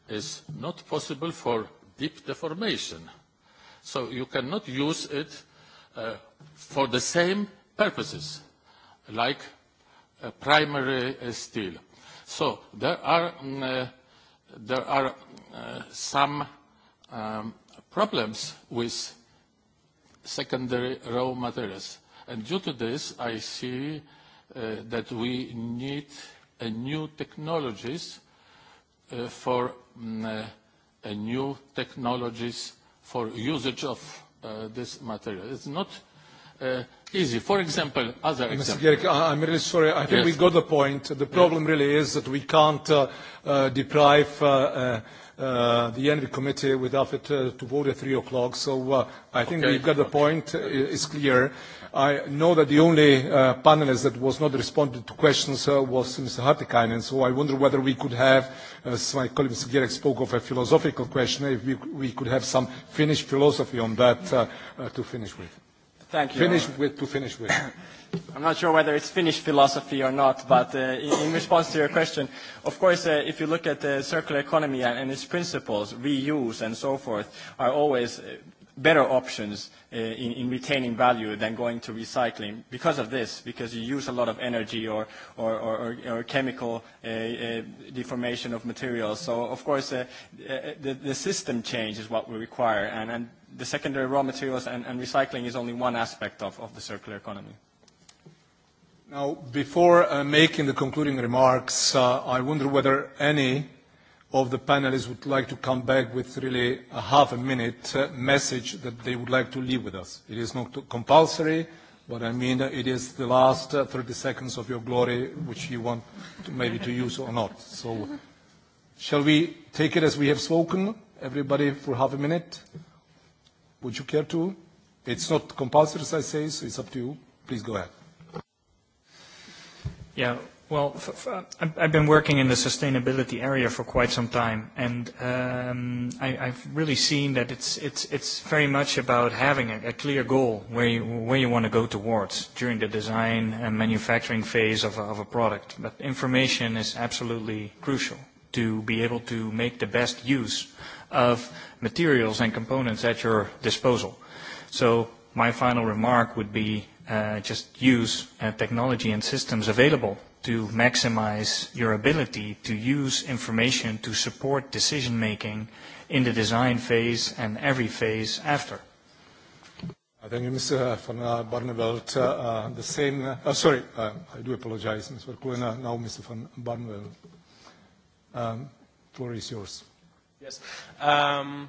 is not possible for deep deformation. So you cannot use it for the same purposes like primary steel. So there are there are some problems with secondary raw materials. And due to this, I see that we need new technologies for new technologies for usage of this material. It's not easy. For example, other examples. Mr. Gierek, I'm really sorry. I think we got the point. The problem really is that we can't deprive the Energy Committee without it to vote at 3 o'clock. So I think we've got the point. It's clear. I know that the only panelist that was not responding to questions was Mr. Hartikainen, so I wonder whether we could have, as my colleague Mr. Gierek spoke of a philosophical question, if we could have some Finnish philosophy on that to finish with. Thank you. Finish with, to finish with. I'm not sure whether it's Finnish philosophy or not, but in response to your question, of course, if you look at the circular economy and its principles, reuse and so forth, are always better options in retaining value than going to recycling because of this, because you use a lot of energy or chemical deformation of materials. So, of course, the system change is what we require, and the secondary raw materials and recycling is only one aspect of the circular economy. Now, before making the concluding remarks, I wonder whether any of the panelists would like to come back with really a half a minute message that they would like to leave with us. It is not compulsory, but I mean it is the last 30 seconds of your glory which you want to maybe to use or not. So shall we take it as we have spoken, everybody for half a minute? Would you care to? It's not compulsory, as I say, so it's up to you. Please go ahead. Yeah. Well, I've been working in the sustainability area for quite some time, and I've really seen that it's it's it's very much about having a clear goal where you where you want to go towards during the design and manufacturing phase of a product. But information is absolutely crucial to be able to make the best use of materials and components at your disposal. So my final remark would be just use technology and systems available to maximize your ability to use information to support decision making in the design phase and every phase after. Thank you, Mr. von Barneveld. The same, sorry, I do apologize, Mr. Verkulen. Now, Mr. von Barneveld, floor is yours. Yes. Um,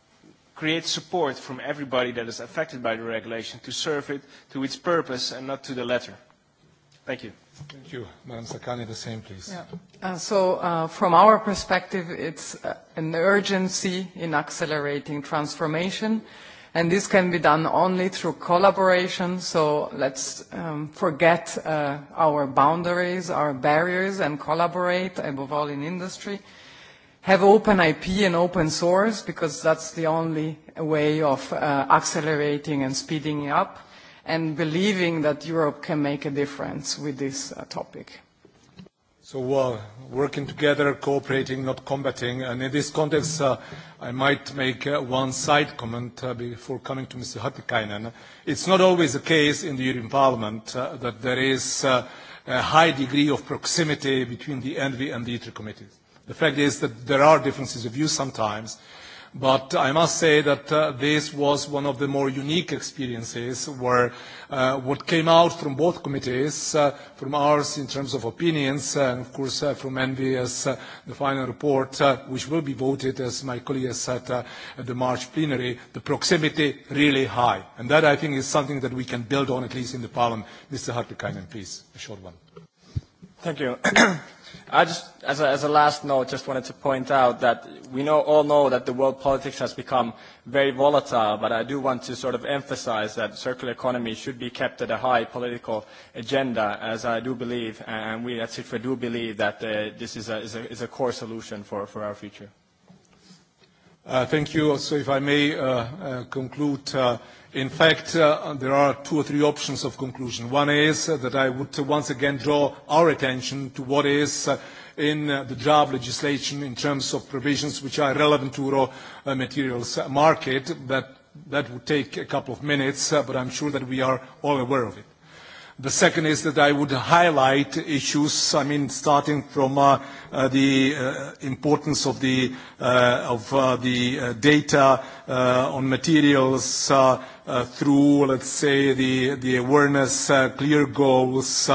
create support from everybody that is affected by the regulation to serve it to its purpose and not to the letter. Thank you. Thank you. Madam Sakani, the same, please. So from our perspective, it's an urgency in accelerating transformation, and this can be done only through collaboration. So let's forget our boundaries, our barriers, and collaborate, above all in industry have open IP and open source because that's the only way of accelerating and speeding up and believing that Europe can make a difference with this topic. So working together, cooperating, not combating. And in this context, I might make one side comment before coming to Mr. Hattikainen. It's not always the case in the European Parliament that there is a high degree of proximity between the ENVY and the ITRE committees. The fact is that there are differences of view sometimes, but I must say that this was one of the more unique experiences where what came out from both committees, from ours in terms of opinions, and of course from Envy as the final report, which will be voted, as my colleague has said, at the March plenary, the proximity really high. And that, I think, is something that we can build on, at least in the Parliament. Mr. Hartikainen, please, a short one. Thank you. I just, as a, as a last note, just wanted to point out that we know, all know that the world politics has become very volatile, but I do want to sort of emphasize that circular economy should be kept at a high political agenda, as I do believe, and we at Citra do believe that this is a, is a, core solution for, for our future. thank you. Also, if I may uh, conclude, uh, In fact, there are two or three options of conclusion. One is that I would once again draw our attention to what is in the job legislation in terms of provisions which are relevant to raw materials market. That would take a couple of minutes, but I'm sure that we are all aware of it. The second is that I would highlight issues, I mean, starting from the importance of the data on materials, through, let's say, the the awareness, clear goals.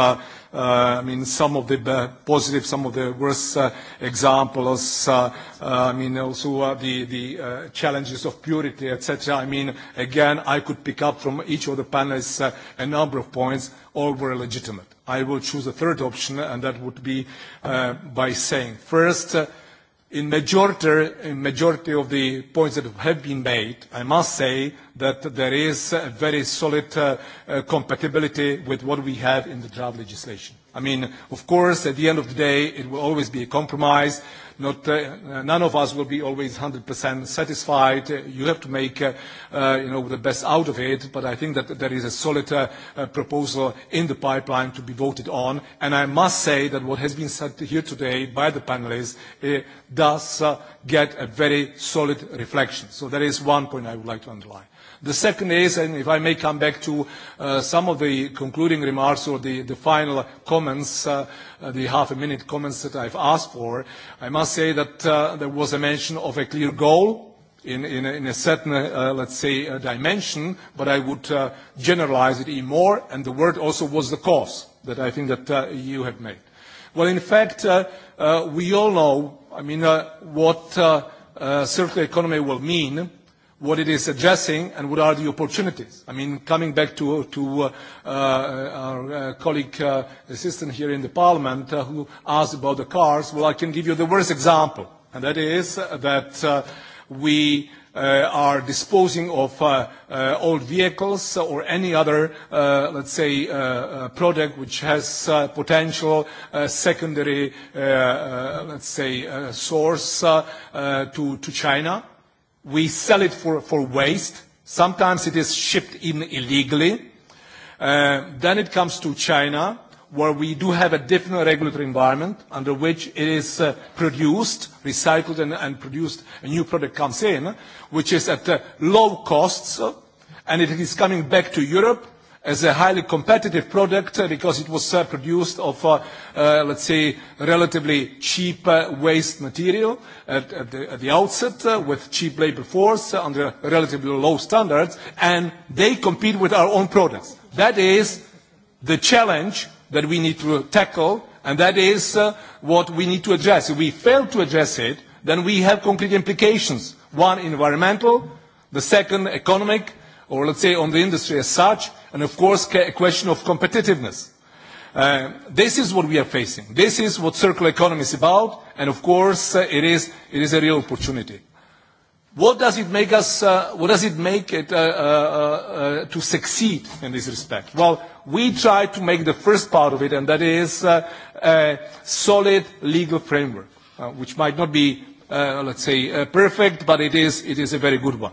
I mean, some of the positive, some of the worst examples. I mean, also the the challenges of purity, etc. I mean, again, I could pick up from each of the panelists a number of points, all were legitimate. I will choose a third option, and that would be by saying, first In majority of the points that have been made, I must say that there is a very solid compatibility with what we have in the draft legislation. I mean, of course, at the end of the day, it will always be a compromise. None of us will be always 100% satisfied. You have to make, you know, the best out of it. But I think that there is a solid proposal in the pipeline to be voted on. And I must say that what has been said here today by the panelists does get a very solid reflection. So that is one point I would like to underline. The second is, and if I may come back to some of the concluding remarks or the final comments, the half a minute comments that I've asked for, I must say that there was a mention of a clear goal in a certain, let's say, dimension, but I would generalize it even more, and the word also was the cause that I think that you have made. Well, in fact, we all know, I mean, what circular economy will mean what it is addressing and what are the opportunities. I mean, coming back to to our colleague assistant here in the Parliament who asked about the cars, well, I can give you the worst example, and that is that we are disposing of old vehicles or any other, let's say, product which has potential secondary, let's say, source to China We sell it for waste. Sometimes it is shipped in illegally. Then it comes to China, where we do have a different regulatory environment under which it is produced, recycled and produced, a new product comes in, which is at low costs, and it is coming back to Europe as a highly competitive product because it was produced of, let's say, relatively cheap waste material at the outset with cheap labor force under relatively low standards, and they compete with our own products. That is the challenge that we need to tackle, and that is what we need to address. If we fail to address it, then we have concrete implications. One, environmental. The second, economic or let's say on the industry as such, and of course a question of competitiveness. This is what we are facing. This is what circular economy is about, and of course it is it is a real opportunity. What does it make us? What does it make it to succeed in this respect? Well, we try to make the first part of it, and that is a solid legal framework, which might not be, let's say, perfect, but it is it is a very good one.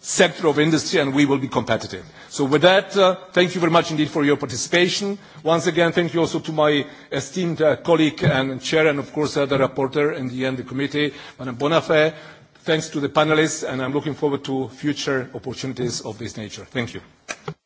sector of industry and we will be competitive. So with that, thank you very much indeed for your participation. Once again, thank you also to my esteemed colleague and chair and of course the reporter in the end the committee, Madame Bonafé. Thanks to the panelists and I'm looking forward to future opportunities of this nature. Thank you.